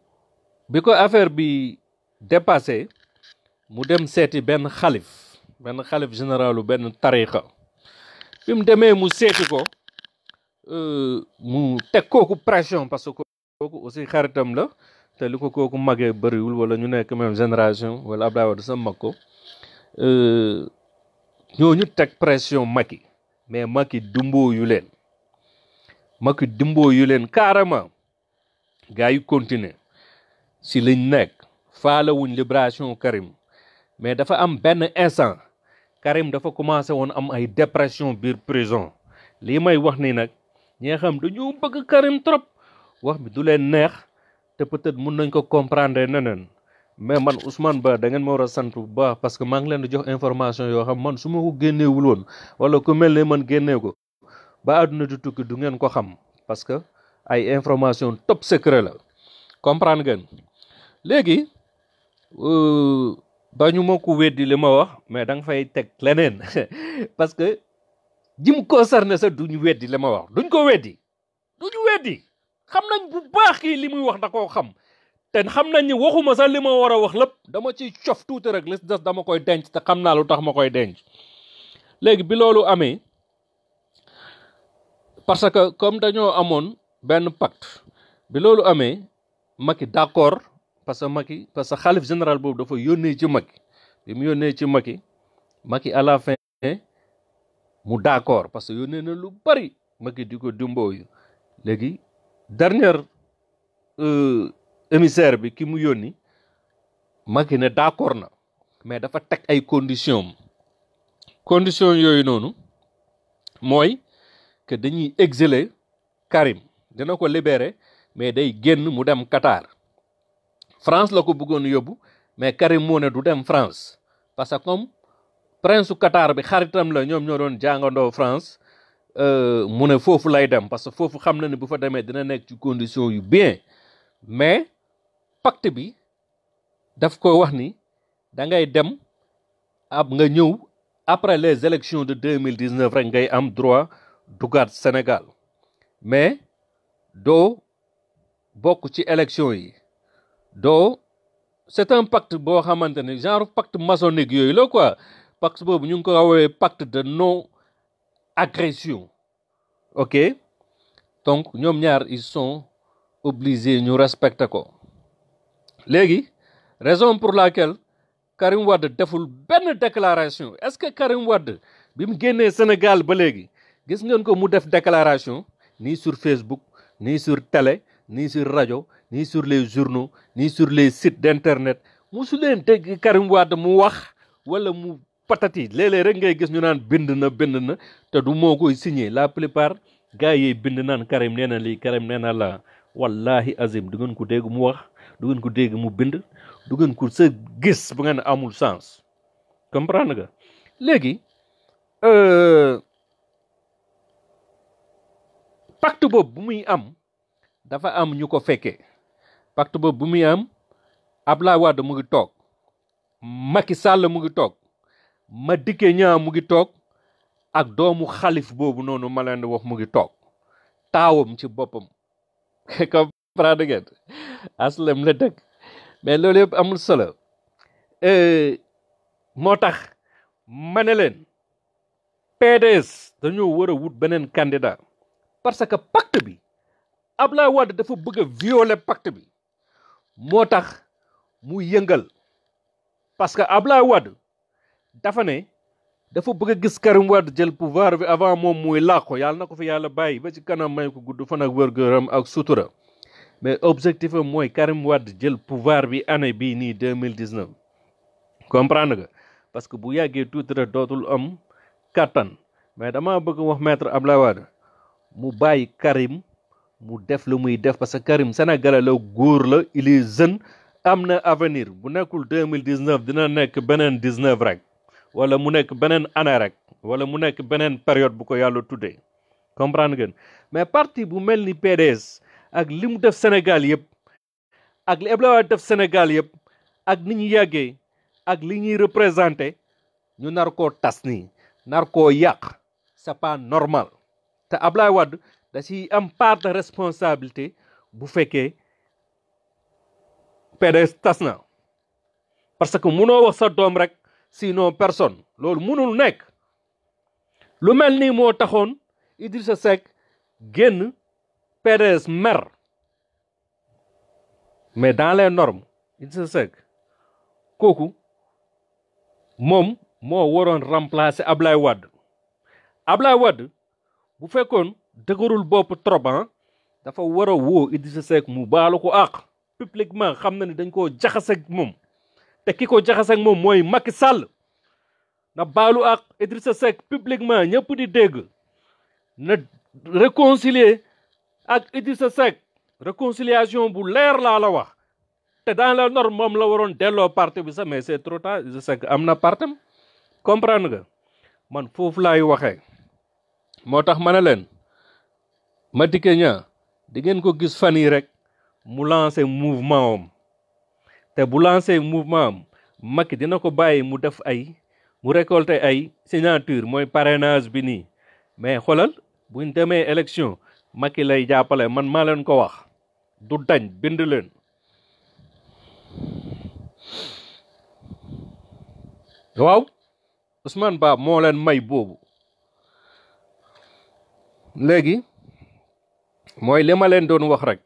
bi ko affaire bi dépassé mu dem seeti benn xalif benn xalif généralu benn tariqa bi mu demee mu seeti ko euh, mu teg kooku pression parce que kooku aussi xaritam la te li ko kooku magee bëriwul wala ñu nekk même génération wala Abdoulaye Wade sa mag ko euh, ñooñu teg pression Macky mais Macky dumboo yu leen Macky dumboo yu leen carrément gars yu continuer si liñ nekk faalewuñ libération Karim mais dafa am benn instant Karim dafa commencé woon am ay dépression biir prison lii may wax nii nag ñee xam dañoo bëgg Karim trop wax bi du leen neex te peut-être mun nañ ko comprendre neneen mais man Ousmane Ba da ngeen ma war a sant bu baax parce que maa ngi leen di jox information yoo xam man su ma ko génneewul woon wala ku mel ne man génnee ko ba àdduna di tukki du ngeen ko xam parce ay information top secret la comprendre ngeen léegi euh, ba ñu ma ko weddi li ma wax mais danga fay teg leneen parce que jim concerné sax duñu weddi li ma wax duñ ko weddi duñu weddi xam nañ bu baax kii li muy wax da koo xam ten xam nañ ni waxuma sax li ma war a wax lépp dama ci cof tuuti rek li des dama koy denc te xam naa lu tax ma koy denc léegi bi loolu amee parce que comme dañoo amoon benn pacte bi loolu amee Macky d'accord parce que Macky parce que xalif général boobu dafa yónnee ci Macky mu yónnee ci Macky Macky à la fin mu d'accord parce que yónnee na lu bari Macky di ko dimbooyu léegi dernière euh, émissaire bi ki mu yónni Macky ne d'accord na mais dafa teg ay conditions condition yooyu noonu mooy que dañuy exiler Karim dina ko libéré mais day génn mu dem Qatar France la ko bëggoon yóbbu mais Karim moo ne du dem France parce que comme prince su Qatar bi xaritam la ñoom ñoo doon jàngandoo France euh, mu ne foofu lay dem parce que foofu xam na ne bu fa demee dina nekk ci condition yu bien mais pacte bi daf ko wax ni da ngay dem ab nga ñëw après les élections de deux mille dix neuf rek ngay am droit dugaat Sénégal mais doo bokk ci élection yi doo c'est un pacte boo xamante ne genre pacte maçonnique yooyu loo quoi pacte boobu ñu ngi ko woowee pacte de non agression ok donc ñoom ñaar ils sont obligés ñu respecter ko léegi raison pour la laquelle Karim Wade deful benn déclaration est-ce que Karim Wade bi mu génnee Sénégal ba léegi gis ngeen ko mu def déclaration nii sur Facebook ni sur tele ni sur rajo ni sur les journaux ni sur les sites d'internet musu leen dégg Karim Wade mu wax wala mu patati léeg-léeg rek ngay gis ñu naan bind na bind na te du moo koy signé la plupart gars yi bind naan Karim nee na lii Karim nee na la wallahi azim du ngeen ko dégg mu wax du ngeen ko dégg mu bind du ngeen ko sa gis bu ngeen amul sens comprendre nga léegi euh, pacte boobu bu muy am dafa am ñu ko fekkee pacte boobu bu muy am Abdoulaye Wade mu ngi toog Macky Sall mu ngi toog Madické Niang mu ngi toog ak doomu xalif boobu noonu ma leen wax mu ngi toog taawam ci boppam comprendre ngeen aslem la dëkk mais loolu yëpp amul solo euh, moo tax ma ne leen PDS dañoo war a wut beneen candidat parce que pacte bi Ablaye wadd dafa bëgg a violer pacte bi moo tax mu yëngal parce que Ablaye Wade dafa ne dafa bëgg a gis Karim Wade jël pouvoir bi avant moom muy làqu yàlla na ko fi yàlla bàyyi ba ci kanam may ko gudd fan ak wërgëram ak sutura mais objectif am mooy Karim Wade jël pouvoir bi année bii nii deux mille dix neuf comprendre nga parce que bu yàggee tuuti dootul am kàttan mais dama bëgg wax maître Ablaye Wade mu bàyyi Karim mu def lu muy def parce que Karim Sénégalais la góor la il jeune am na avenir bu nekkul deux mille dix neuf dina nekk beneen dix neuf rek wala mu nekk beneen année rek wala mu nekk beneen période bu ko yàlla tuddee comprendre ngeen mais parti bu mel ni PDS ak li mu def Sénégal yëpp ak li Abdoulaye def Sénégal yëpp ak ni ñu yàggee ak li ñuy représenté ñu nar koo tas ni nar koo yàq c'est pas normal. te Ablaye Wade da si am part responsabilité bu fekkee PDS tas na parce que munoo wax sa doom rek sinon personne loolu munul nekk lu mel nii moo taxoon Idrissa Seck génn PDS mer mais dans les normes Idrissa Seck kooku moom moo waroon remplacer Ablaye Wade Ablaye Wade bu fekkoon dëgërul bopp trop ah, dafa war a woo Idrissa mu baalu ko àq publiquement xam na ni dañ koo jaxaseeg moom te ki ko jaxaseeg moom mooy Macky Sall na baalu ak Idrissa Seck publiquement ñëpp di dégg na réconcilier ak Idrissa Seck réconciliation bu leer laa la wax te daan la norme moom la waroon delloo parti bi sax mais c'est trop tard am na partem comprendre nga man foofu laay waxee moo tax ma ne leen Madické Niang di ngeen ko gis fan yi rek mu lancé mouvement am te bu lancé mouvement am Macky dina ko bàyyi mu def ay mu récolter ay signature mooy parrainage bi nii mais xoolal buñ demee élection Macky lay jàppale man maa leen ko wax du dañ bind leen waaw Ousmane Ba moo leen may boobu léegi mooy li ma leen doon wax rek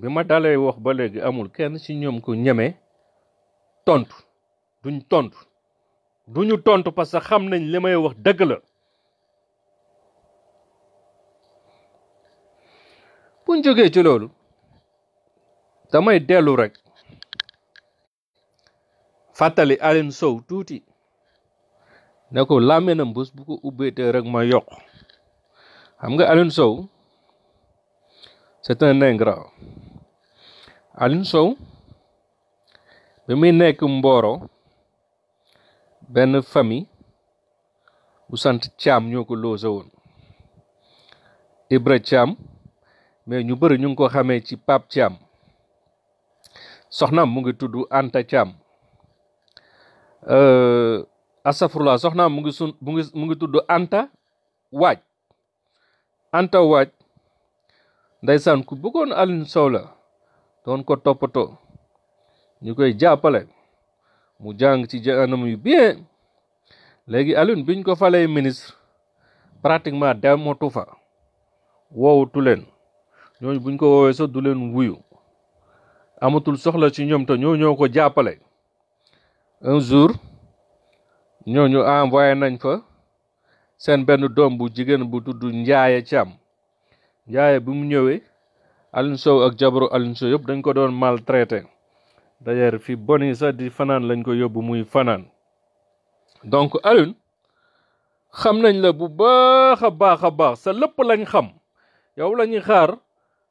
bi ma dalee wax ba léegi amul kenn ci ñoom ku ñeme tontu duñ tontu duñu tontu parce que xam nañ li may wax dëgg la buñ jógee ci loolu damay dellu rek fàttali Aline Sow tuuti ne ko làmminam bés bu ko ubbee te rek ma yokk xam nga Alioune Sow c'est un ingrat Alioune Sow bi muy nekk Mboro benn famille bu sant Thiam ñoo ko loose woon Ibra Thiam mais ñu bëri ñu ngi ko xamee ci Pape Thiam soxnaam mu ngi tudd Anta Thiam euh, asafurla soxnaam mu ngi sun ngi mu ngi tudd Anta Waaj Anta Waaj ndeysaan ku bëggoon Alioune Sow la doon ko toppatoo ñu koy jàppale mu jàng ci anam yu bien léegi Alioune biñ ko falee ministre pratiquement dematu fa woowutu leen ñooñu buñ ko woowee sax du leen wuyu amatul soxla ci ñoom te ñoo ñoo ko jàppale un jour ñooñu envoyé nañ fa. seen benn doom bu jigéen bu tudd Njaay Caam Njaay bi mu ñëwee Alioune ak jabaru Alioune Sow yëpp dañ ko doon maltraité d'ailleurs fi boni sax di fanaan lañ ko yóbbu muy fanaan donc Alioune xam nañ la bu baax a baax a baax sa lépp lañ xam yow lañuy xaar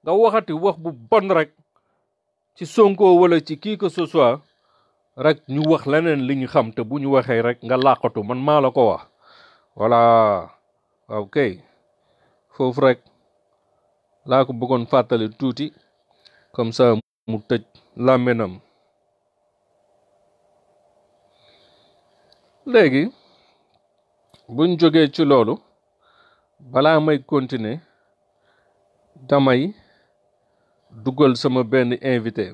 nga waxati wax bu bon rek ci Sonko wala ci kii que ce rek ñu wax leneen li ñu xam te bu ñu waxee rek nga làqatu man maa la ko wax voilà waaw ah, kay foofu rek laa ko bëggoon fàttale tuuti comme ça mu tëj làmminam léegi buñ jogee ci loolu balaa may continuer damay dugal sama benn invité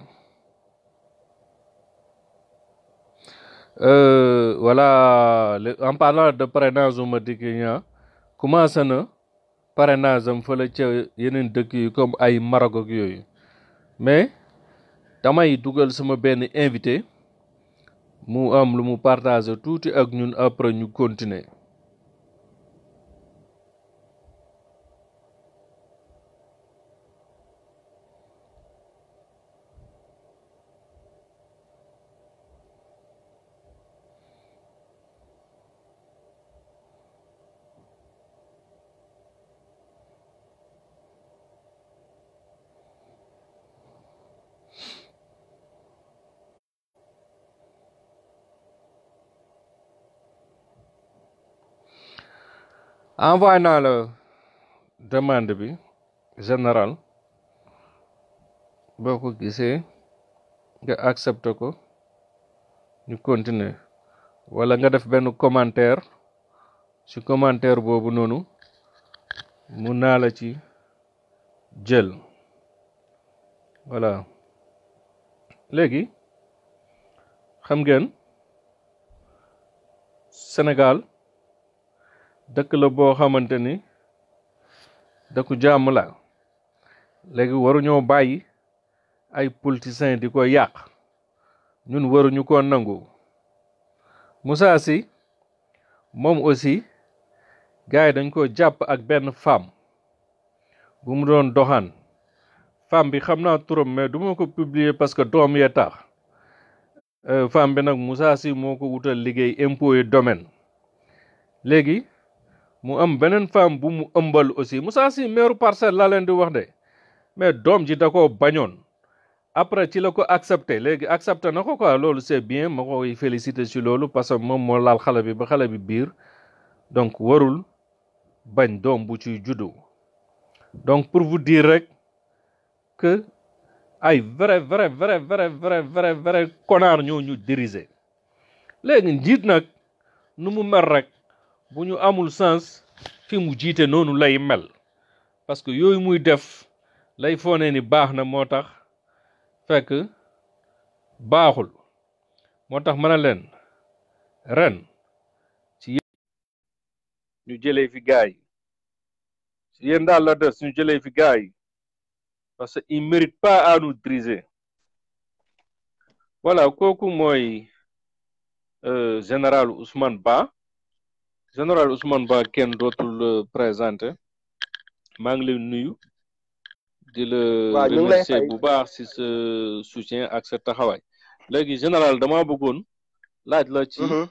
Euh, voilà en parlant de parrainage ma di ki ñaa commencé na parrainage am fële ca yeneen dëkk yi comme ay Maroc ak yooyu mais damay dugal sama benn invité mu am lu mu partager tuuti ak ñun après ñu continuer envoyé naa demand bi général boo gisee nga accepté ko ñu continuer wala nga def benn commentaire ci commentaire boobu noonu mun naa la ci jël voilà léegi xam ngeen Sénégal dëkk la boo xamante ni dëkku jàmm la léegi waruñoo bàyyi ay politiciens di ko yàq ñun waruñu ko nangu musa si moom aussi gars yi dañ ko jàpp ak benn femme bu mu doon doxaan femme bi xam naa turam mais du ma ko publier parce que doom yee tax euh, femme bi nag Moussa si moo ko wutal liggéey impôt et domaine léegi mu am beneen femme bu mu ëmbal aussi Moussa Sy meeru parcelle laa leen di wax de mais doom ji da koo bañoon après ci la ko accepté léegi accepté na ko quoi loolu c'est bien ma koy félicité si loolu parce que moom moo laal xale bi ba xale bi biir donc warul bañ doom bu ci juddu donc pour vous dire rek que ay vrai vrai vrai vrai vrai ñoo ñu diriger léegi njiit nag nu mu mer rek. bu ñu amul sens fi mu jiite noonu lay mel parce que yooyu muy def lay foone ni baax na moo tax fekk baaxul moo tax mën a leen ren ci yéen ñu jëlee fi gaay ci yéen daal la des ñu jëlee fi yi parce que il mérite pas à nous briser voilà kooku mooy euh, général Ousmane Ba général Ousmane Ba kenn dootul euh, présenté maa ngi lay nuyu. di la remercier bu baax si sa soutien ak sa taxawaay. léegi général dama bëggoon laaj la ci. Mhm.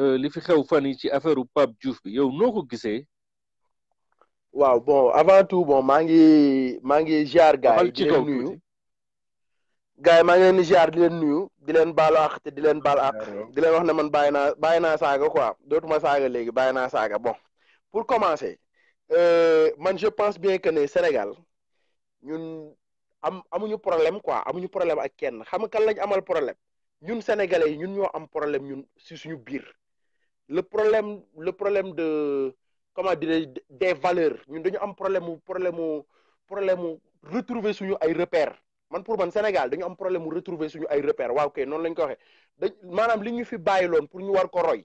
Euh, li fi xew fan ci affaire Pape Diouf bi yow noo ko gisee.
waaw bon avant tout bon maa ngi maa ngi ziar gaay yi di gars yi maa ngi leen di ziar di leen nuyu di leen baalu àq te di leen baal àq di wax ne man bàyyi naa bàyyi naa saaga quoi dootuma saaga léegi bàyyi naa saaga bon pour commencer euh, man je pense bien que ne Sénégal ñun am amuñu problème quoi amuñu problème ak kenn xam nga kan lañ amal problème ñun sénégalais yi ñun ñoo am problème ñun si suñu biir le problème le problème de comment dire des valeurs ñun dañu am problème mu problème mu problème mu retrouver suñu ay repères man pour man Sénégal dañu am problème mu retrouver suñu ay repères waaw kay noonu la ko waxee dañ maanaam li ñu fi bàyyiloon pour ñu war ko roy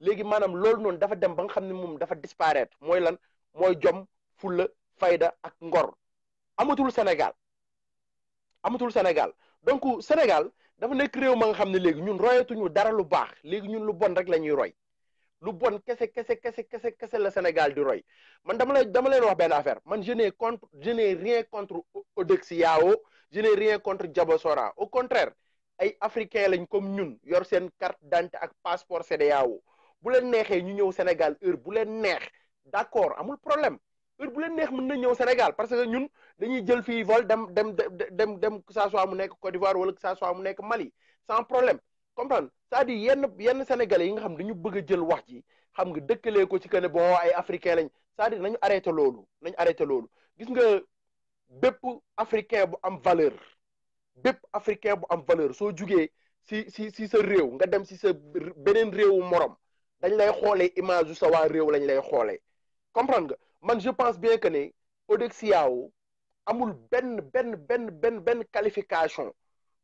léegi maanaam loolu noon dafa dem ba nga xam ne moom dafa disparaître mooy lan mooy jom fulla fayda ak ngor amatul Sénégal amatul Sénégal donc Sénégal dafa nekk réew ma nga xam ne léegi ñun royatuñu dara lu baax léegi ñun lu bon rek la ñuy roy lu bon kese kese kese kese kese la Sénégal di roy man dama lay dama leen wax benn affaire man je n'ai contre je rien contre Eudoxie Yao je n'ai rien contre Diabosora au contraire ay africain lañ comme ñun yor seen carte d'identité ak passeport CEDEAO bu leen neexee ñu ñëw Sénégal heure bu leen neex d'accord amul problème heure bu leen neex mun na ñëw Sénégal parce que ñun dañuy jël fii vol dem dem dem dem que mu nekk Côte d'Ivoire wala que mu nekk Mali sans problème comprendre cest dire yenn yenn Sénégalais yi nga xam dañu bëgg a jël wax ji xam nga dëkkalee ko ci que ne bon ay africain lañ cest dire nañu arrêté loolu nañu arrêté loolu bépp africain bu am valeur bépp africain bu am valeur soo jugee si si si sa réew nga dem si sa beneen réewu morom dañ lay xoolee image yu sa waa réew lañ lay xoolee comprendre nga man je pense bien que ne Odexia amul benn benn benn benn benn qualification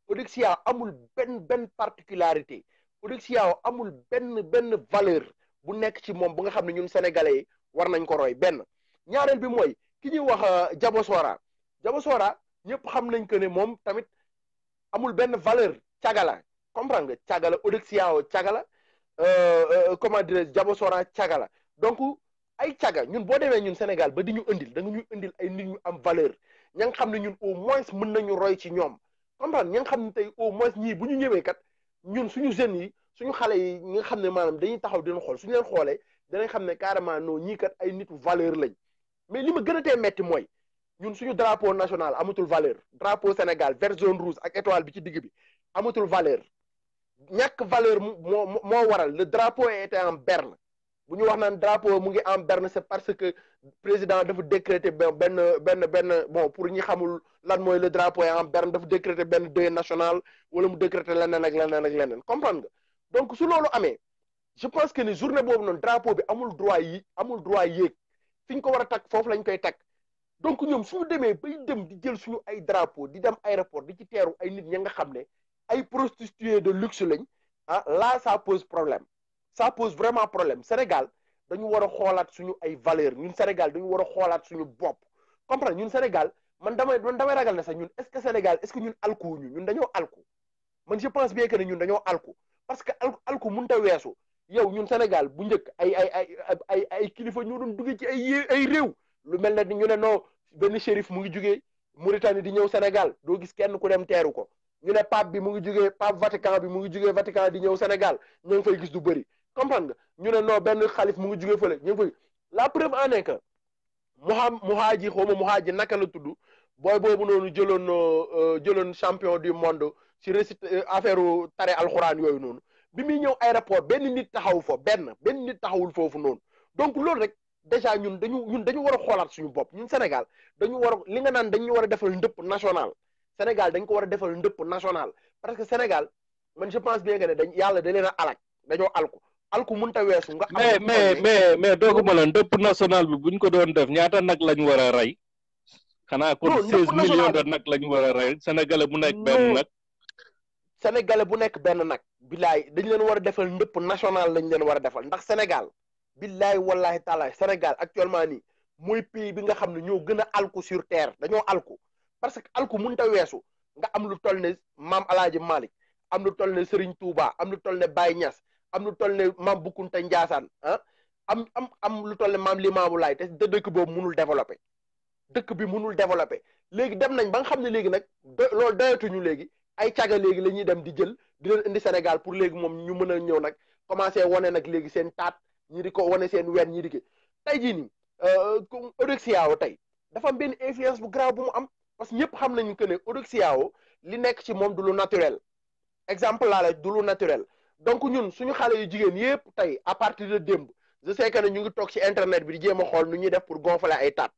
Odexia amul benn benn particularité Odexia amul benn benn valeur bu nekk ci moom bu nga xam ne ñun sénégalais yi war nañ ko roy benn ñaareel bi mooy ki ñuy wax euh, Jabosora Diaboussoora ñëpp xam nañ que ne moom tamit amul benn valeur cagala comprendre nga cagala Odexia cagala euh, euh, comment dirais Diaboussoora cagala donc ay caga ñun boo demee ñun Sénégal ba di ñu indil da nga ñuy indil ay nit ñu am valeur ña nga xam ne ñun au moins mën ñu roy ci ñoom comprendre ña nga xam ne tey au moins ñii bu ñu ñëwee kat ñun suñu jeunes yi suñu xale yi ñi nga xam ne maanaam dañuy taxaw dinañ xool suñu leen xoolee danañ xam ne carrément non ñii kat ay nitu valeur lañ mais li ma gën a tee metti mooy ñun suñu drapeau national amatul valeur drapeau Sénégal vert zone rouge ak étoile bi ci digg bi amatul valeur ñàkk valeur moo moo waral le drapeau était en berne bu ñu wax naan drapeau mu ngi en berne c'est parce que président dafa décréter benn benn benn bon pour ñi xamul lan mooy le drapeau en berne dafa décréter benn deuil national wala mu décréter leneen ak leneen ak leneen comprendre nga donc su lolu amee je pense que ni journée boobu noonu drapeau bi amul droit yi amul droit yéeg fi ñu ko war a takk foofu lañ koy takk donc ñoom suñu demee bay dem di jël suñu ay drapeau di dem aéroport di ci teeru ay nit ña nga xam ne ay prostituées de luxe lañ ah là ça pose problème ça pose vraiment problème Sénégal dañu war a xoolaat suñu ay valeur ñun Sénégal dañu war a xoolaat suñu bopp comprendre ñun Sénégal man damay man damay ragal ne sax ñun est-ce que Sénégal est-ce que ñun alku ñu ñun dañoo alku man je pense bien que ne ñun dañoo alku parce que alku alku mënut a weesu yow ñun Sénégal bu njëkk ay ay ay ay ay kilifa ñoo doon duggee ci ay ay réew lu mel ne ñu ne non benn shérif mu ngi jugee Mauritanie di ñëw Sénégal doo gis kenn ku dem teeru ko ñu ne pape bi mu ngi jugee pape Vatican bi mu ngi jugee Vatican di ñëw Sénégal ñoo ngi fay gis du bëri comprendre nga ñu ne non benn xalif mu ngi jugee fële ñu ngi fay la preuve en est que muha muhaaji xawma muhaaji naka la tudd booy boobu noonu jëloon euh, jëloon champion du monde ci récit euh, affaire tare alxuraan yooyu noonu bi muy ñëw aéroport benn nit taxaw fa benn benn nit taxawul foofu noonu donc loolu rek déjà ñun dañu ñun dañu war a xoolaat suñu bopp ñun Sénégal dañu war li nga naan dañu war a defal ndëpp national Sénégal dañ ko war a defal ndëpp national parce que Sénégal man je pense bien que ne dañ yàlla da leen a alak dañoo alku alku mënta weesu nga
mais mais mais mais dooguma la ndëpp national bi buñ ko doon def ñaata nag lañ
war a rey xanaa kon seize millions de nag lañ war a rey sénégalais bu nekk benn nag sénégalais bu nekk benn nag bilaay dañ leen war a defal ndëpp national lañ leen war a defal ndax Sénégal billaay wallahi taala Sénégal actuellement nii muy pays bi nga xam ne ñoo gën a alku sur terre dañoo alku parce que alku mun ta weesu nga am lu toll ne maam Alaaji Malick am lu tol ne Serigne Touba am lu toll ne Baye Niass am lu toll ne maam Boukounta Ndiassane ah am am am lu toll ne maam Limaamu Laay te dëkk boobu mënul développé dëkk bi mënul développé léegi dem nañ ba nga xam ne léegi nag loolu doyatuñu léegi ay caga léegi la ñuy dem di jël di leen indi Sénégal pour léegi moom ñu mën a ñëw nag commencé wane nag léegi seen taat ñii di ko wane seen ween ñii di ki tey jii nii euh, Odexia tey dafa am benn influence bu grave bu mu am parce que ñëpp xam nañu que ne Odexia li nekk ci moom du lu naturel exemple laa la du lu naturel donc ñun suñu xale yu jigéen yëpp tey à partir de démb je sais que ne ñu ngi toog ci internet bi di jéem a xool nu ñuy def pour gonfler ay taat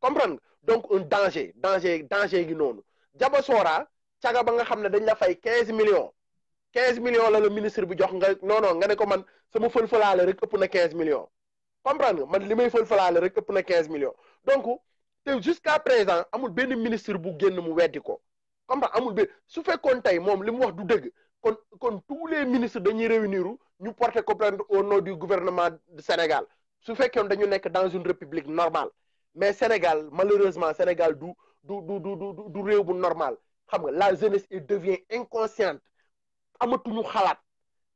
comprendre donc un danger danger danger gi noonu Jaba Sora caga ba nga xam ne dañ la fay quinze millions quinze millions la la ministre bi jox nga non non nga ne ko man sama fël-fëlaale rek ëpp na quinze millions comprendre nga man li may fël-fëlaale rek ëpp na quinze millions donc te jusqu'à présent amul benn ministre bu génn mu weddi ko comprendre amul benn su fekkoon tey moom li mu wax du dëgg kon kon tous les ministres dañuy réunir ñu porter plainte au nom du gouvernement Sénégal su fekkoon dañu nekk dans une république normale mais Sénégal malheureusement Sénégal du du du du du réew bu normal xam nga la jeunesse devient inconsciente a amatuñu xalaat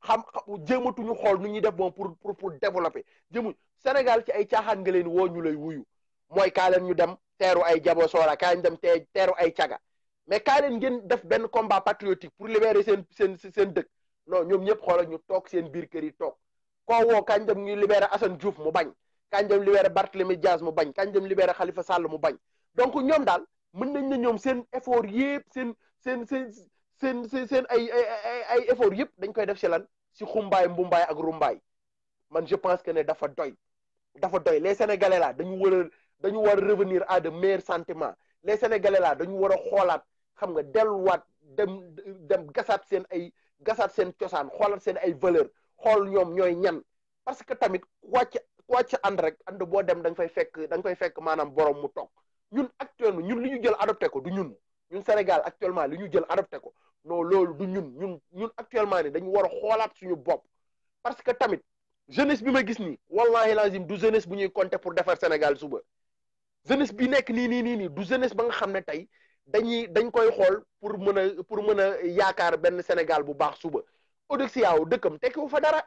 xam ñu xool nu ñuy def moom pour pour pour développer jëmuñ Sénégal ci ay caaxaan nga leen woo ñu lay wuyu mooy kaa leen ñu dem teeru ay jabo soora kaa leen dem te teeru ay caga mais kaa leen def benn combat patriotique pour libérer seen seen seen dëkk non ñoom ñëpp xoolal ñu toog seen biir kër yi toog ko woo kañ dem ñu libéré Assane Diouf mu bañ kañ dem libéré Barthélémy Diaz mu bañ kañ dem libéré Khalifa Sall mu bañ donc ñoom daal mën nañ ne ñoom seen effort yépp se seen seen seen ay ay ay effort yëpp dañ koy def ci lan si xumbaay mbumbaay ak rumbaay man je pense que ne dafa doy dafa doy les sénégalais dañu war dañu war a revenir aada maire meilleurs sentiments les sénégalais dañu war a xoolaat xam nga delluwaat dem dem gasaat seen ay gasaat seen cosaan xoolaat seen ay valeur xool ñoom ñooy ñan parce que tamit wàcc wàcc ànd rek ànd boo dem da fay fekk dañ nga koy fekk maanaam borom mu toog ñun actuellement ñun li ñu jël adopté ko du ñun ñun Sénégal actuellement li ñu jël adopté ko non loolu du ñun ñun actuellement ni dañu war a xoolaat suñu bopp parce que tamit jeunesse bi ma gis nii wallahi lazim du jeunesse bu ñuy compter pour defar Sénégal suba jeunesse bi nekk nii nii nii nii du jeunesse ba nga xam ne tey dañuy dañ koy xool pour mën a pour mën a yaakaar benn Sénégal bu baax suba Odexia dëkkam tekkiwu fa dara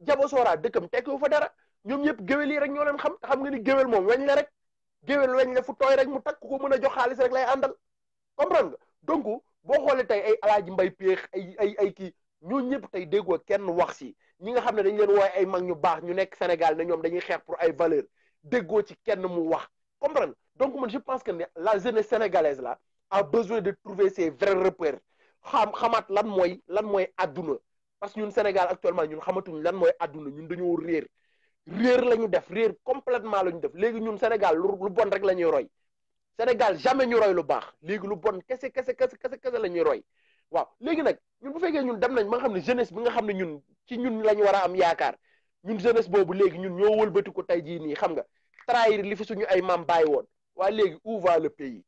Jabosora dëkkam tekkiwu fa dara ñoom ñëpp géwél yi rek ñoo leen xam te xam nga ni géwél moom weñ ne rek géwél weñ la fu tooy rek mu takk ko mën a jox xaalis rek lay àndal comprendre nga donc boo xoolee tey ay alaaji mbay péex ay ay ay kii ñoo ñëpp tey déggoo kenn wax si ñi nga xam ne dañu leen wooye ay mag ñu baax ñu nekk Sénégal ne ñoom dañuy xeex pour ay valeur déggoo ci kenn mu wax comprendre donc man je pense que ne la jeune sénégalaise la a besoin de trouver ses vrais repères xam xamaat lan mooy lan mooy àdduna parce que ñun Sénégal actuellement ñun xamatuñ lan mooy adduna ñun dañoo réer réer la ñu def réer completement la ñu def léegi ñun Sénégal lu bon rek la ñuy roy Sénégal jamais ñu roy lu baax léegi lu bon kese kese kese kese kese la ñuy roy waaw léegi nag ñun bu fekkee ñun dem nañ ba nga xam ne jeunesse bi nga xam ne ñun ci ñun la ñu war a am yaakaar ñun jeunesse boobu léegi ñun ñoo wëlbati ko tey jii nii xam nga trahir li fi suñu ay maam baay woon waaye léegi où va le pays.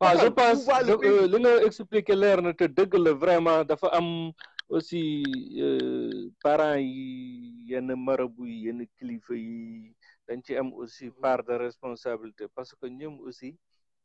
waaw je pense euh, li nga expliqué leer na te dëgg la vraiment dafa am aussi euh, parent yi yenn marabu yi yenn kilifa yi. dañ ci am aussi mm-hmm. part de responsabilité parce que ñoom aussi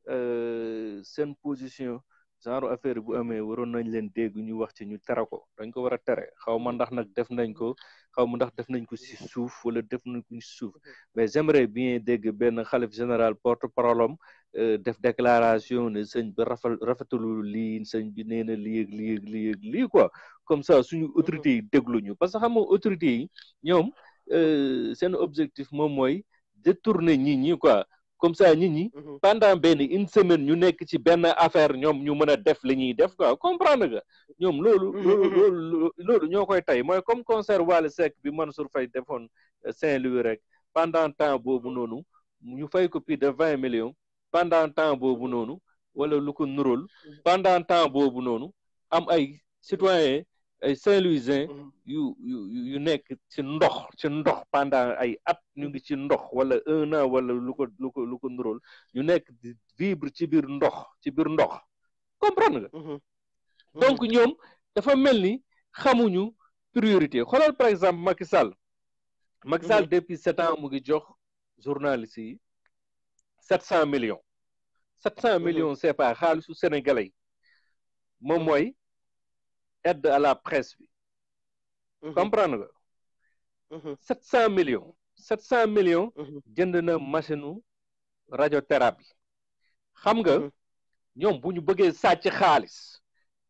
euh, seen position genre affaire bu amee waroon nañ leen dégg ñu wax ci ñu tere ko dañ ko war a tere xaw ma ndax nag def nañ ko xaw ma ndax def nañ ko si suuf wala def nañ ko si suuf mm-hmm. mais j'aimerais bien dégg benn xalif général porte parole am euh, def déclaration ne sëñ bi rafet rafetalu lii sëñ bi nee na lii ak lii ak lii quoi comme ça suñu mm-hmm. autorités yi déglu ñu parce que xam autorité yi ñoom Euh, seen objectif moom mooy détourner nit ñi quoi comme ça nit ñi. Mhm. pendant benn une semaine ñu nekk ci benn affaire ñoom ñu mën a def li ñuy def quoi comprendre ga ñoom mhm. loolu. loolu loolu ñoo koy tey mooy comme concert Wally Seck bi Mansour Faye defoon euh, Saint-Louis rek pendant temps boobu mhm. noonu ñu fay ko plus de vingt millions pendant temps boobu noonu wala lu ko pendant temps boobu noonu am ay citoyens ay Saint-Louisiens mhm. yu yu yu nekk ci ndox ci ndox pendant ay at ñu ngi ci ndox wala un an wala lu ko lu ko ñu nekk di ci biir ndox ci biir ndox comprendre nga mhm. Mhm. donc ñoom dafa mel ni xamuñu priorité xoolal par exemple Macky Sall Macky Sall depuis sept ans mu ngi jox journalistes yi sept cent million sept cent millions c'est pas xaalisu sénégalais yi moom mooy aide à la presse bi mhm. comprendre nga mhm. sept cent millions sept cent millions mhm. jënd na machine u radiothérapie xam nga ñoom bu ñu bëggee sàcc xaalis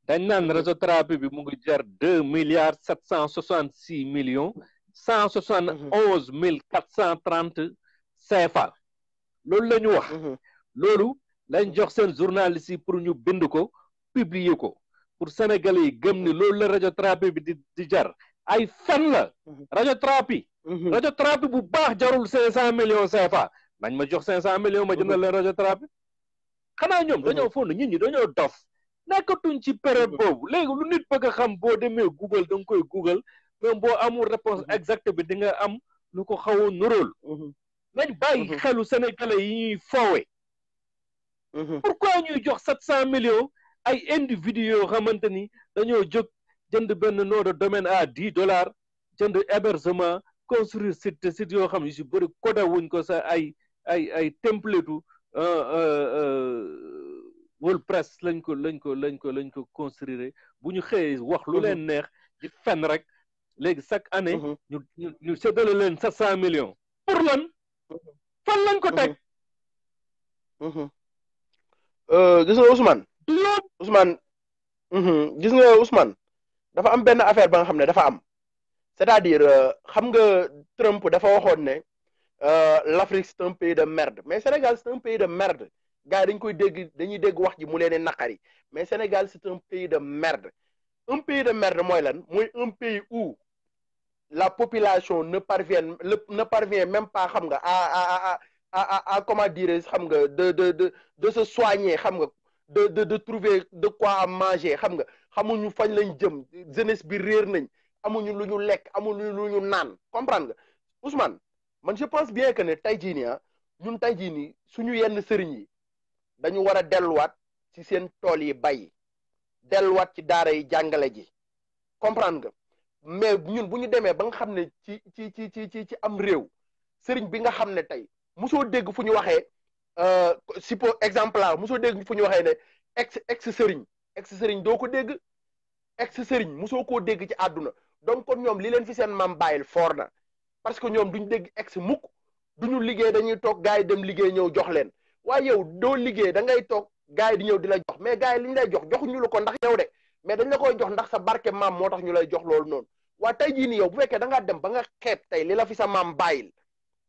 dañ naan radiothérapie bi mu ngi jar deux milliards sept cent soixante six million cent soixante onze mille quatre cent trente CFA loolu la ñu wax loolu lañ jox seen journaliste yi pour ñu bind ko publier ko pour sénégalais yi gëm ni loolu la radiothérapie bi di di jar ay fen la mhm. radiothérapie mhm. radiothérapie bu baax jarul cinq cent millions CFA nañ ma jox cinq cent millions ma jëndal leen radiothérapie xanaa ñoom dañoo mhm. foog ne ñi dañoo dof nekkatuñ ci période boobu léegi lu nit bëgg xam boo demee Google da nga koy Google même boo amul réponse exacte bi di nga am lu ko xaw a nuróol nañ bàyyi xelu sénégalais yi ñuy foowe pourquoi ñuy jox sept cent millions ay individu yoo xamante ni dañoo jóg jënd benn nom de domaine à dix dollars jënd hébergement construire site site yoo xam ne si bëri code wuñ ko sa ay ay ay template euh, euh, euh, WordPress lañ ko lañ ko lañ ko lañ ko construire bu ñu xëyee wax lu leen neex di fen rek léegi chaque année mhm. ñu ñu séddale leen sept cent millions
pour lan mhm. fan lañ ko teg mhm. gis Ousmane mhm, gis nga Ousmane dafa am benn affaire ba nga xam ne dafa am c'est-à-dire euh, xam nga Trump dafa waxoon ne euh, l'Afrique c'est un pays de merde mais Sénégal c'est un pays de merde gars dañ koy dégg dañuy dégg wax ji mu leen naqari mais Sénégal c'est un pays de merde un pays de merde mooy lan mooy un pays où la population ne parvient ne parvient même pas xam nga à a comment dirais-je xam nga de de de de se soigner xam nga de de de trouver de quoi à manger xam nga xamuñu fañ lañ jëm jeunesse bi réer nañ amuñu lu ñu lekk amuñu lu ñu naan comprendre nga Ousmane man je pense bien que ne tey jii nii ah ñun tey jii nii suñu yenn sëriñ yi dañu war a delluwaat ci seen tool yi bay delluwaat ci daara yi jàngale ji comprendre nga mais ñun bu ñu demee ba nga xam ne ci ci ci ci ci ci am réew sëriñ bi nga xam ne tey mosoo dégg fu ñu waxee. Euh, si po exemple la dégg fu ñu waxee ne ex ex sëriñ ex sëriñ doo ko dégg ex sëriñ musoo koo dégg ci àdduna donc kon ñoom li leen fi seen maam bàyyil foor na parce que ñoom duñ dégg ex mukk ñu liggéey dañuy toog gars yi dem liggéey ñëw jox leen waaye yow doo liggéey da ngay toog gars yi di ñëw di la jox mais gars yi li ñu lay jox joxuñu la ko ndax yow de mais dañu la koy jox ndax sa barke maam moo tax ñu lay jox loolu noonu waa tey jii yow bu fekkee da ngaa dem ba nga xeeb tey li la fi sa maam bàyyil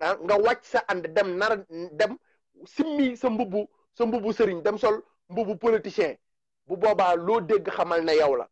ah nga wàcc sa ànd dem nar dem simmi sa mbubu sa mbubu sëriñ dem sol mbubu politicien bu boobaa loo dégg xamal ne yow la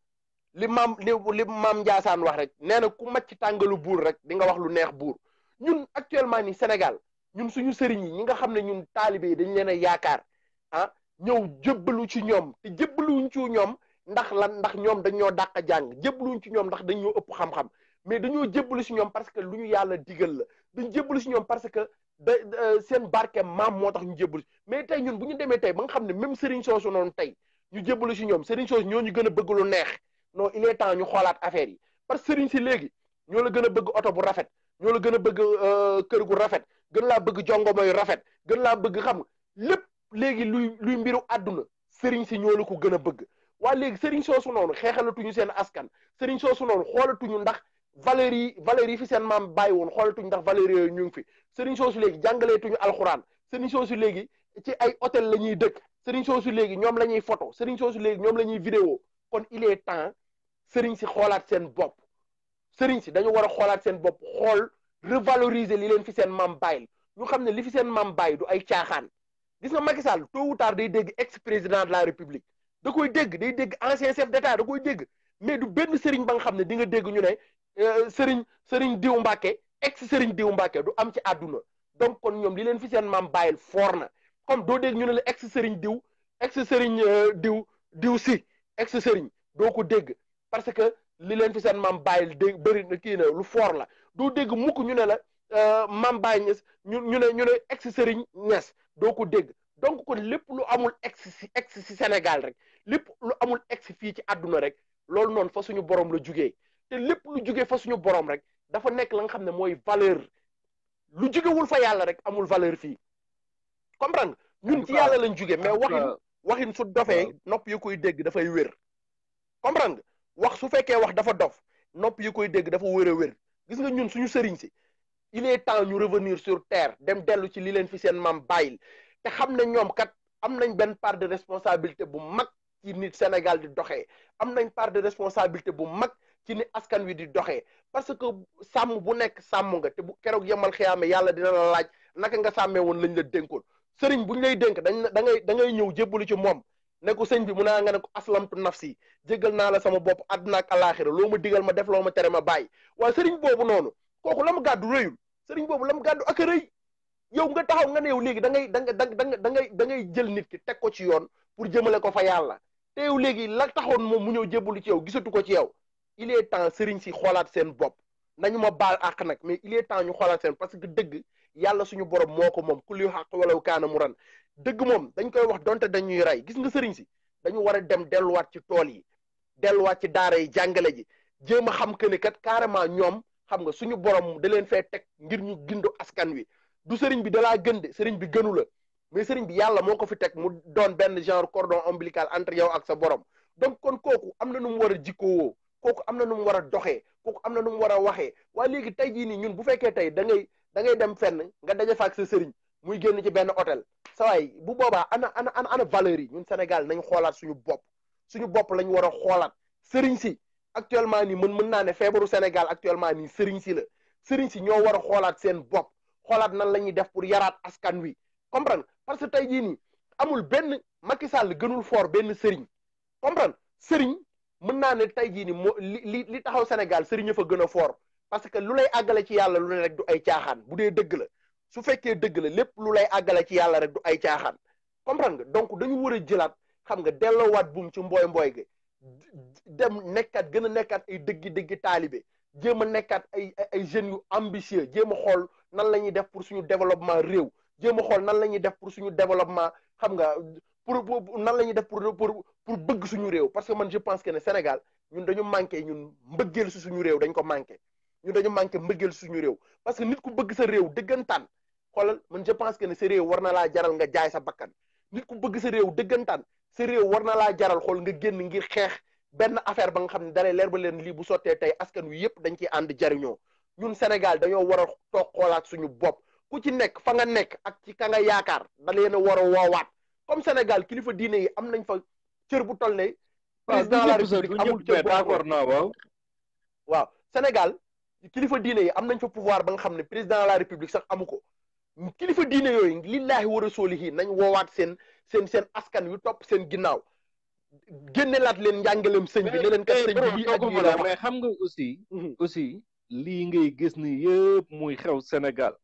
li maam li li maam Ndiassane wax rek nee na ku macc tàngalu buur rek di nga wax lu neex buur ñun actuellement ni Sénégal ñun suñu sëriñ yi ñi nga xam ne ñun taalibe yi dañ leen a yaakaar ah ñëw jëbbalu ci ñoom te jébbaluñ ci ñoom ndax lan ndax ñoom ñoo daq jàng jébbaluñ ci ñoom ndax ñoo ëpp xam-xam mais dañoo jébbalu si ñoom parce que lu ñu yàlla digal la dañ jébbalu si ñoom parce que da euh, seen barke maam moo tax ñu jébbalu mais tey ñun bu ñu demee tey ba xam ne même Serigne soosu noonu tey ñu jébbalu si ñoom Serigne soosu ñoo ñu gën a bëgg lu neex non il est ñu xoolaat affaire yi parce que si léegi ñoo la gën a bëgg oto bu rafet ñoo la gën a bëgg euh, kër gu rafet gën laa bëgg jongoma yu rafet gën laa bëgg xam lépp léegi luy luy mbiru àdduna Serigne si ñoo la ko gën a bëgg waa léegi Serigne soosu noonu xeexalatuñu seen askan Serigne soosu noonu xoolatuñu ndax valeurs yi valeurs yi fi seen maam bàyyi woon xoolatuñ ndax valeurs yooyu ñu ngi fi sëriñ soosu léegi jàngaleetuñu alxuraan sëriñ soosu léegi ci ay hôtel la ñuy dëkk sëriñ soosu léegi ñoom la ñuy photo sëriñ soosu léegi ñoom la ñuy vidéo kon il est temps sëriñ si xoolaat seen bopp sëriñ si dañu war a xoolaat seen bopp xool revaloriser li leen fi seen maam bàyyil ñu xam ne li fi seen maam bàyyi du ay caaxaan gis nga Macky Sall tôt ou tard day dégg ex président de la république da koy dégg day dégg ancien chef d'état da koy dégg mais du benn sëriñ ba nga xam ne di nga dégg ñu ne Euh, sëriñ sëriñ diw Mbàkke ex sëriñ diw Mbàkke du am ci àdduna donc kon ñoom li leen fi seen maam bàyyil foor na comme doo dégg ñu ne la ex sëriñ diw ex sëriñ euh, diw diw si ex sëriñ doo ko dégg parce que li leen fi seen maam bàyyil dégg bëri na kii na lu foor la do dégg mukk ñu ne la euh, maam Baye Niass ñu ñu ne ñu ne ex sëriñ Niass doo ko dégg donc kon lépp lu amul ex si ex si Sénégal rek lépp lu amul ex fii ci àdduna rek loolu noonu fa suñu borom la jugee te lépp lu jugee fa suñu borom rek dafa nekk la nga xam ne mooy valeur lu jugewul fa yàlla rek amul valeur fii comprendre ñun ci yàlla lañ jugee mais waxin waxin su dofee nopp yi koy dégg dafay wér comprendre wax su fekkee wax dafa dof nopp yi koy dégg dafa wér a wér gis nga ñun suñu sëriñ si il est temps ñu revenir sur terre dem dellu ci li leen fi seen maam bàyyil te xam ne ñoom kat am nañ benn part de responsabilité bu mag ci nit Sénégal di doxee am nañ part de responsabilité bu mag ci ni askan wi di doxee parce que sàmm bu nekk sàmm nga te bu keroog yemal xiyaame yàlla dina la laaj naka nga sàmmee woon lañ la dénkoon sëriñ bu ñu lay dénk dañ da ngay da ngay ñëw jébbalu ci moom ne ko sëñ bi mu naa ah nga ne ko aslamtu nafsi jéggal naa la sama bopp àdduna ak alaaxira loo ma digal ma def loo ma tere ma bàyyi waaye sëriñ boobu noonu kooku la mu gàddu rëyul sëriñ boobu lam mu gàddu ak a rëy yow nga taxaw nga ne yow léegi da ngay da nga da ngay da ngay jël nit ki teg ko ci yoon pour jëmale ko fa léegi la taxoon moom mu ñëw jébbalu ci yow gisatu ko ci yow il est temps sëriñ si xoolaat seen bopp nañu ma baal àq nag mais il temps ñu xoolaat seen parce que dëgg yàlla suñu borom moo ko moom ku li xaq wu kaana mu ran dëgg moom dañ koy wax donte dañuy rey gis nga sëriñ si dañu war a dem delluwaat ci tool yi delluwaat ci daara yi jàngale ji jéem a xam que ne kat carrément ñoom xam nga suñu borom da leen fee teg ngir ñu gindu askan wi du sëriñ bi dalaa gën de sëriñ bi gënu la mais sëriñ bi yàlla moo ko fi teg mu doon benn genre cordon ombilical entre yow ak sa borom donc kon kooku am na nu mu war a jikkoo kooku am na nu mu war a doxee kooku am na nu mu war a waxee waaye léegi tey jii nii ñun bu fekkee tey da ngay da dem fenn nga daje fa ak sa sëriñ muy génn ci benn hôtel sa waay bu boobaa ana ana ana ana valeur yi ñun Sénégal nañ xoolaat suñu bopp suñu bopp lañ war a xoolaat sëriñ si actuellement nii mën mën naa ne feebaru Sénégal actuellement nii sëriñ si la sëriñ si ñoo war a xoolaat seen bopp xoolaat nan la ñuy def pour yaraat askan wi comprendre parce que tey jii ni amul benn Macky Sall gënul fort benn sëriñ comprendre sëriñ mën naa ne tey jii ni moo li li taxaw Sénégal sëriñ fa gën a foor parce que lu lay àggale ci yàlla lu ne rek du ay caaxaan bu dee dëgg la su fekkee dëgg la lépp lu lay àggale ci yàlla rek du ay caaxaan comprendre nga donc dañu war a jëlaat xam nga delloowaat buum ci mbooy mbooy gi dem nekkaat gën a nekkaat ay dëggi dëggi taalibe jéem a nekkaat ay ay jeunes yu ambitieux jéem a xool nan la ñuy def pour suñu développement réew jëm a xool nan la ñuy def pour suñu développement xam nga pour nan la ñuy def pour pour pour bëgg suñu réew parce que man je pense que ne Sénégal ñun dañu manqué ñun mbëggeel si suñu réew dañ ko manqué ñun dañu manqué mbëggeel si suñu réew parce que nit ku bëgg sa réew dëggantaan xoolal man je pense que ne sa réew war na laa jaral nga jaay sa bakkan nit ku bëgg sa réew dëggantaan sa réew war na laa jaral xool nga génn ngir xeex benn affaire ba nga xam ne dalee leer ba leen li bu sottee tey askan wi yëpp dañ ciy ànd jariñoo ñun Sénégal dañoo war a toog xoolaat suñu bopp ku ci nekk fa nga nekk ak ci ka yaakaar da war a woowaat kilifa diine yi am nañ fa cër bu toll ne président de la république amul cër bu d'accord waaw waaw Sénégal diine yi am nañ fa pouvoir ba nga xam ne président de la république sax amu ko kilifa diine yooyu lillaahi wa rasuulihi nañ woowaat seen seen seen askan yu topp seen ginnaaw génne laat leen njàngaleem sëñ bi ne leen kat sëñ bi ak yi la mais
xam nga aussi mhm. aussi lii ngay gis ni yëpp muy xew Sénégal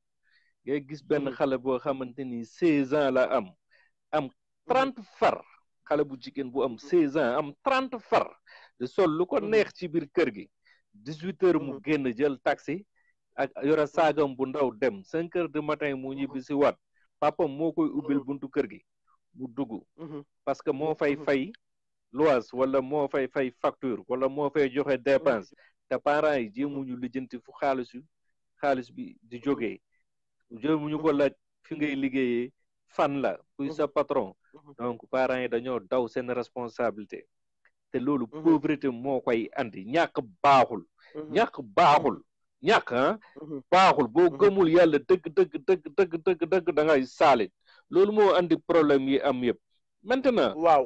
ngay gis benn mhm. xale boo xamante ni seize ans la am am mhm. trente far xale bu jigéen bu am 16 mm. ans am 30 far de sol lu ko mm. neex ci biir kër gi 18 heures mu mm. génn jël taxi ak yore saagam bu ndaw dem cinq heures du matin mu mm-hmm. ñibbi si waat papam moo koy ubbil mm-hmm. buntu kër gi mu dugg. Mm-hmm. parce que moo fay fay loise wala moo fay fay facture wala moo fay joxe dépense te parents yi jéemuñu lijjanti fu xaalisu xaalis bi di jógee jéemuñu ko laaj fi ngay liggéeyee fan la kuy sa patron. Mhm. donc parent yi dañoo daw seen responsabilité te loolu mhm. pauvreté moo koy andi ñàkk baaxul mhm. ñàkk baaxul ñàkk ah baaxul boo gëmul yàlla dëgg dëgg dëgg dëgg dëgg dëgg da ngay saali loolu moo indi problème yi am yëpp maintenant waaw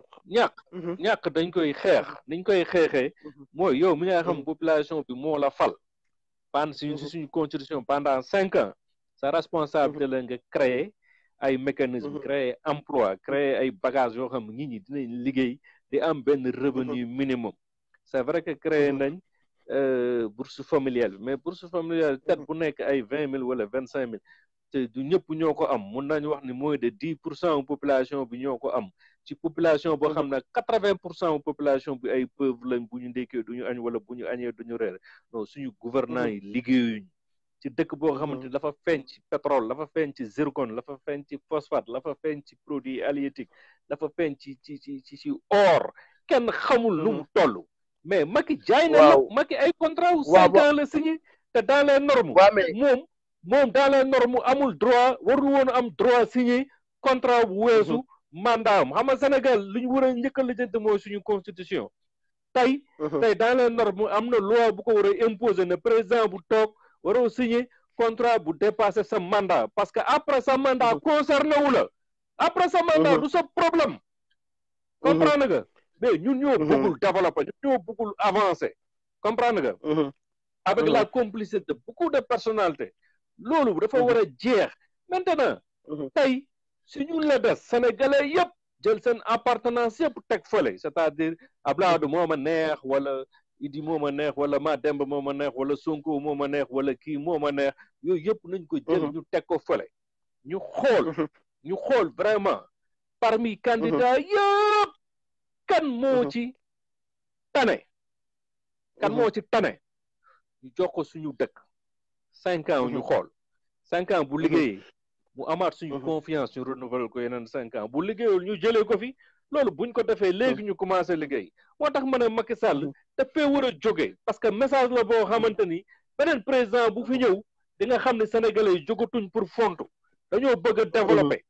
ñàkk dañ koy xeex niñ koy xeexee mooy yow mi nga xam population bi moo la fal pan suñ suñu constitution pendant cinq ans sa responsabilité la nga créer ay mécanisme mhm. créé emploi mhm. créer ay bagages yoo xam nit ñi dinañ liggéey di am benn revenu mhm. minimum c'est vrai que créer nañ euh, bourse familiale mais bourse familiale tet bu nekk ay vingt mille wala vingt cinq mille te du ñëpp ñoo ko am mun nañu wax ni mooy de dix pour cent population bi ñoo ko am ci population boo xam ne quatre vingt pour cent population bi ay pauvre lañ bu ñu ndekkee du ñu añ wala bu ñu añee du ñu reer non ñu gouvernants yi liggéeyuñu ci dëkk boo xamante ni mm-hmm. dafa feeñ ci pétrole dafa feeñ ci zircon dafa feeñ ci phosphate dafa feeñ ci produit halieutique dafa feeñ ci ci ci ci ci or kenn xamul lu mu mm-hmm. toll mais Macky jaay na la Macky ay contrat wu cinq ans la signé te dans les normes moom moom dans les normes amul droit warul woon am droit signé contrat bu weesu mm-hmm. mandat am xam nga Sénégal lu ñu war a njëkk a lijjanti mooy suñu constitution tey tey dans les am na loi bu ko war a na ne président bu toog waroo signer contrat bu dépasser sa mandat parce que après sa mandat mhm. concerné wu la après sa mandat mhm. du sa problème comprendre nga mais ñun ñoo mhm. bëggul développer ñun ñoo bëggul avancer comprendre nga avec la complicité de beaucoup de personnalités loolu dafa war a jeex maintenant tey si ñun la des sénégalais yëpp jël seen appartenance yëpp teg fële c'est-à-dire Abdoulaye Wade moo neex wala Idi moo ma neex wala ma demb moo ma neex wala Sonko moo ma neex wala kii moo ma neex yooyu yëpp nañ ko jël mhm. ñu teg ko fële ñu xool mhm. ñu xool vraiment parmi candidat mhm. yëpp kan moo ci tane kan moo ci tane ñu jox ko suñu dëkk cinq ans ñu xool cinq ans bu liggéey mu amaat suñu confiance ñu renouveler ko yeneen cinq ans bu liggéeyul ñu jëlee ko fi loolu buñ ko defee léegi ñu commencé liggéey moo tax ma ne Macky Sall te fee war a jóge parce que message la boo xamante ni beneen président bu fi ñëw di nga xam ne sénégalais jogatuñ pour fontu dañoo bëgg a développé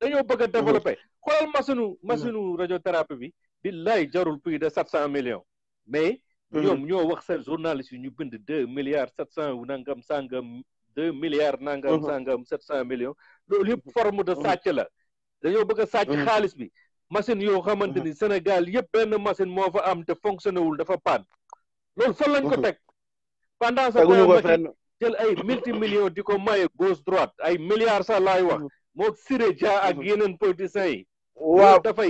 dañoo bëgg a développé xoolal machine machine mm-hmm. radiothérapie bi billaay jarul puis de sept cent million mais mm-hmm. ñoom ñoo wax seen journaliste yi ñu bind deux milliards sept cent wu nangam sangam deux milliards nangam mm-hmm. sangam sept cent millions loolu yëpp forme de sàcc la dañoo bëgg a xaalis bi machine yoo xamante ni Sénégal yëpp benn machine moo fa am te fonctionné wul dafa paan loolu fan lañ ko teg pendant ce temps jël ay multi millions di ko maye gauche droite ay milliards sax laay wax moo Siré Dia ak yeneen politiciens yi
waaw dafay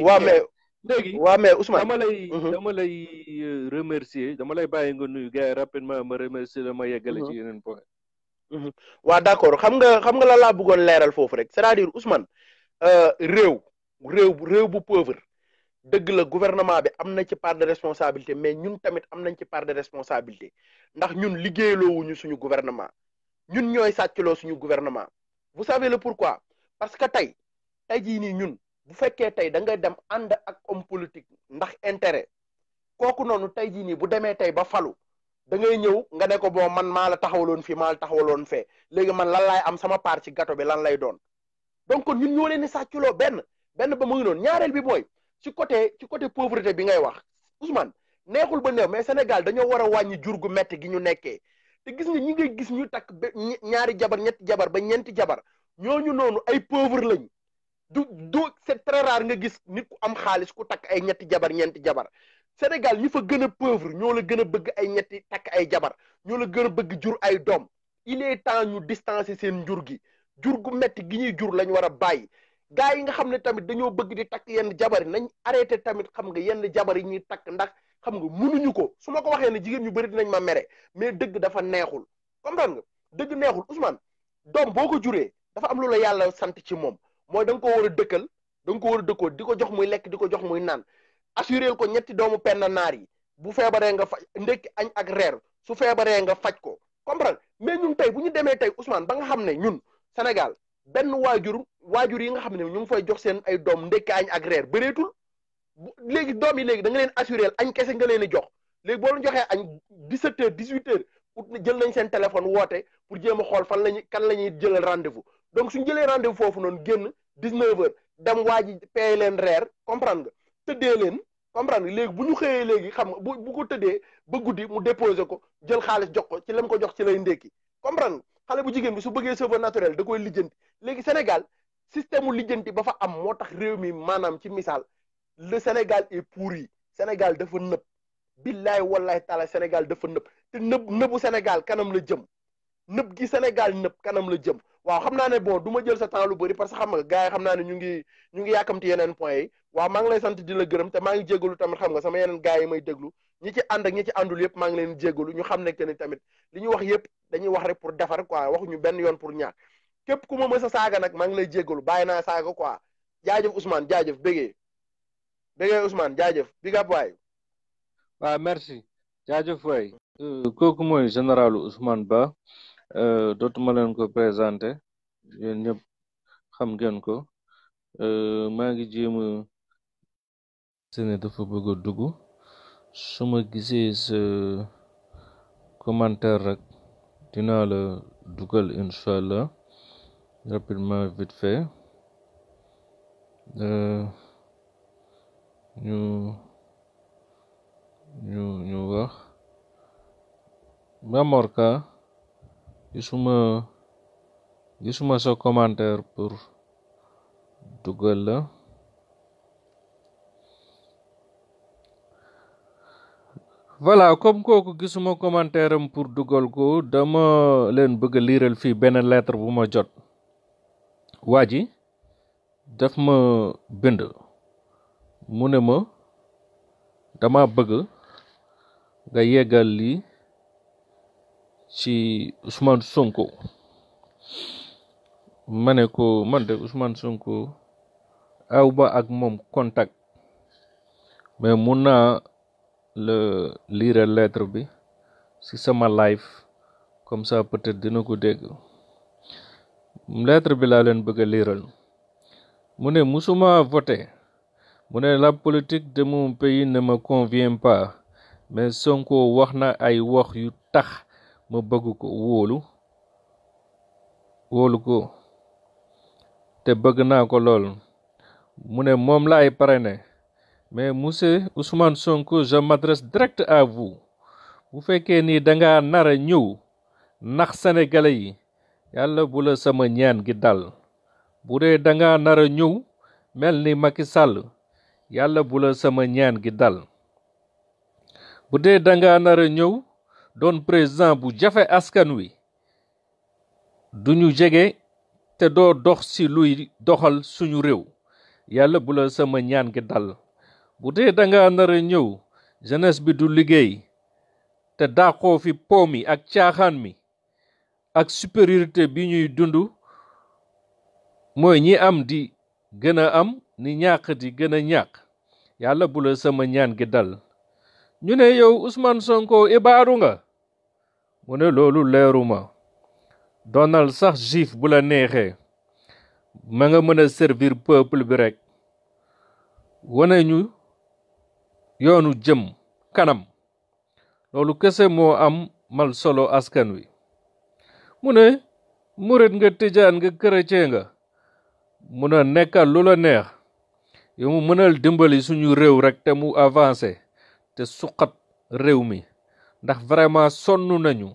léegi waaw mais Ousmane dama lay uh-huh. dama lay euh, remercier dama lay bàyyi nga nuyu gars yi rapidement ma remercier dama yeggale ci uh-huh. yeneen
point uh-huh. waaw d'accord xam nga xam nga la laa bëggoon leeral foofu rek c'est-à-dire Ousmane euh, réew bu réew bu pauvre dëgg la gouvernement bi am na ci part de responsabilité mais ñun tamit am nañ ci part de responsabilité ndax ñun liggéeyloowuñu suñu gouvernement ñun ñooy sàccloo suñu gouvernement vous savez le pourquoi parce que tey tey jii nii ñun bu fekkee tey da ngay dem ànd ak homme politique ndax intérêt kooku noonu tey jii nii bu demee tey ba falu da ngay ñëw nga ne ko boo man maa la taxawaloon fii maa la taxawaloon fee léegi man lan laay am sama part ci gato bi lan lay doon benn ba mu ngi ñaareel bi mooy ci côté ci côté pauvreté bi ngay wax Ousmane neexul ba néew mais Sénégal dañoo war a wàññi jur gu metti gi ñu nekkee te gis nga ñi ngay gis ñu takk ñaari jabar ñetti jabar ba ñeenti jabar ñooñu noonu ay pauvre lañ du du c'est très rare nga gis nit am xaalis ku takk ay ñetti jabar ñeenti jabar Sénégal ñi fa gën a pauvre ñoo la gën a bëgg ay ñetti takk ay jabar ñoo la gën a bëgg jur ay doom il est temps ñu distancer seen njur gi jur gu metti gi ñuy jur lañ war a bàyyi gaa yi nga xam ne tamit dañoo bëgg di takk yenn jabar nañ arrêté tamit xam nga yenn jabar yi ñuy takk ndax xam nga ñu ko su ma ko waxee ne jigéen ñu bëri dinañ ma mere mais dëgg dafa neexul comprendre nga dëgg neexul Ousmane doom boo ko juree dafa am lu la yàlla sant ci moom mooy da nga ko war dëkkal da nga ko war a dëkkoo di ko jox muy lekk di ko jox muy naan assuréel ko ñetti doomu penn naar yi bu feebaree nga faj ndëkk añ ak reer su feebaree nga faj ko comprendre mais ñun tey bu ñu demee tey Ousmane ba nga xam ne ñun Sénégal benn waajur waajur yi nga xam ne ñu ngi fay jox seen ay doom ndekkaañ ak reer bëreetul léegi doom yi léegi da nga leen assuré añ kese nga leen di jox léegi boo leen joxee añ 17 heures 18 heures ut jël nañ seen téléphone woote pour jéem a xool fan la ñuy kan la ñuy jëlal rendez-vous donc suñu jëlee rendez-vous foofu noonu génn 19 heures dem waa ji paye leen reer comprendre nga tëddee leen comprendre léegi bu ñu xëyee léegi xam nga bu bu tëddee ba guddi mu déposé ko jël xaalis jox ko ci la ko jox ci lay ndékki comprendre xale bu jigéen bi su bëggee cheveux naturel da koy lijjanti léegi Sénégal système mu lijjanti ba fa am moo tax réew mi maanaam ci misaal le Sénégal est pourri Sénégal dafa nëb billaay wallaay taala senegal dafa nëpp te nëb nëbu senegal kanam la jëm nëb gi Sénégal nëb kanam la jëm waaw xam naa ne bon du ma jël sa temps lu bëri parce que xam nga gars xam naa ne ñu ngi ñu ngi yàkkamti yeneen point yi waaw maa ngi lay sant di la gërëm te maa ngi jégalu tamit xam nga sama yeneen gars yi may déglu ñi ci ànd ak ñi ci àndul yëpp maa ngi leen jégalu ñu xam ne que ni tamit li ñu wax yëpp dañu wax rek pour defar quoi waxuñu benn yoon pour ñaar képp ku ma mës a saaga nag maa ngi lay jégalu bàyyi naa saaga quoi jaajëf Ousmane jaajëf bégee bégee Ousmane jaajëf bigab up waay waaw merci jaajëf waay euh,
kooku mooy général Ousmane Ba euh, dootuma leen ko présenté yéen ñëpp xam ngeen ko euh, maa ngi jéem ne dafa bëgg a dugg suma ma gisee sa commentaire rek dinaa la dugal incha allah rapidement vite fait euh, ñu ñu ñu wax Mamorka gisuma gisuma sa commentaire pour dugal la voilà comme kooku gisuma commentaire am pour dugal ko dama leen bëgg liiral fii benn lettre bu ma jot waa ji daf ma bind mu ne ma dama bëgg nga yeggal lii ci Ousmane sunko ma ne ko man de Ousmane Sonko aw ba ak moom contact mais mun naa liiral leetre bi ci sama live comme ça peut-être dina ko dégg lettre bi laa leen bëgg a liiral mu ne musuma voté mu ne la politique de mon pays ne me convient pas mais Sonko wax na ay wax yu tax ma bëgg ko wóolu woolu ko te bëgg naa ko lool mu ne moom laay parrainé mais monsieur Ousmane Sonko je m'adresse direct à vous bu fekkee nii danga nar a ñëw nax sénégalais yi yàlla bu la sama ñaan gi dal bu dee danga nar a ñëw mel ni Macky Sall yàlla bu la sama ñaan gi dal bu dee danga nar a ñëw doon président bu jafe askan wi duñu jege te doo dox ci luy doxal suñu réew yàlla bu la sama ñaan gi dal bu dee da nga nar ñëw jeunesse bi du liggéey te dàqoo fi po mi ak caaxaan mi ak supériorité bi ñuy dund mooy ñi am di gën a am ni ñàkk di gën a ñàkk yàlla bu la sama ñaan gi dal ñu ne yow usmaan Sonko ibaaru nga mu ne loolu leeruma doonal sax juif bu la neexee ma nga mën a servir peuple bi rekk wane ñu yoonu jëm kanam loolu kese moo am mal solo askan wi mu ne murit nga tëjaan nga chrétien nga mun a nekkal lu la neex yow mu mënal dimbali suñu réew rek te mu avancé te suqat réew mi ndax vraiment sonn nañu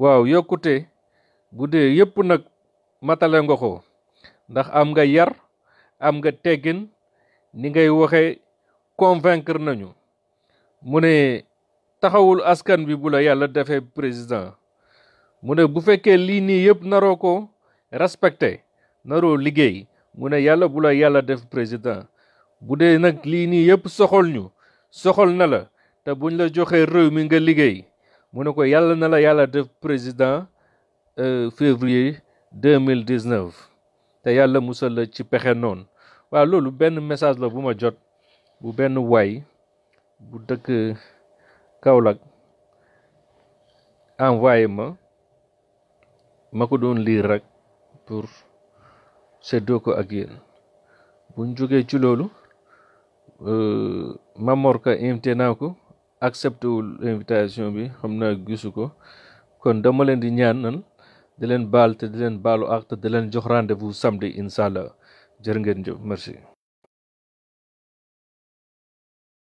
waaw yokkute bu dee yépp nag matale nga ko ndax am nga yar am nga teggin ni ngay waxe convaincre nañu mu ne taxawul askan bi bu la yàlla defee président mu ne bu fekkee lii nii yëpp naroo ko respecte naroo liggéey mu ne yàlla bu la yàlla def président bu dee nag lii nii yëpp soxol ñu soxol na la te buñ la joxee réew mi nga liggéey mu ne ko yàlla na la yàlla def président euh, février 2019 te yàlla musal la ci pexe noonu waaw loolu benn message la bu ma jot bu benn waay bu dëkk Kaolack envoyé ma ma ko doon liir rek pour seddoo ko ak yéen buñ jógee ci loolu euh, Mamor Ka invité naa ko accepté wul invitation bi xam naa gisu ko kon dama leen di ñaanal di leen baal te di leen baalu ak te di leen jox rendez-vous samedi incha allah jërë ngeen jëf merci.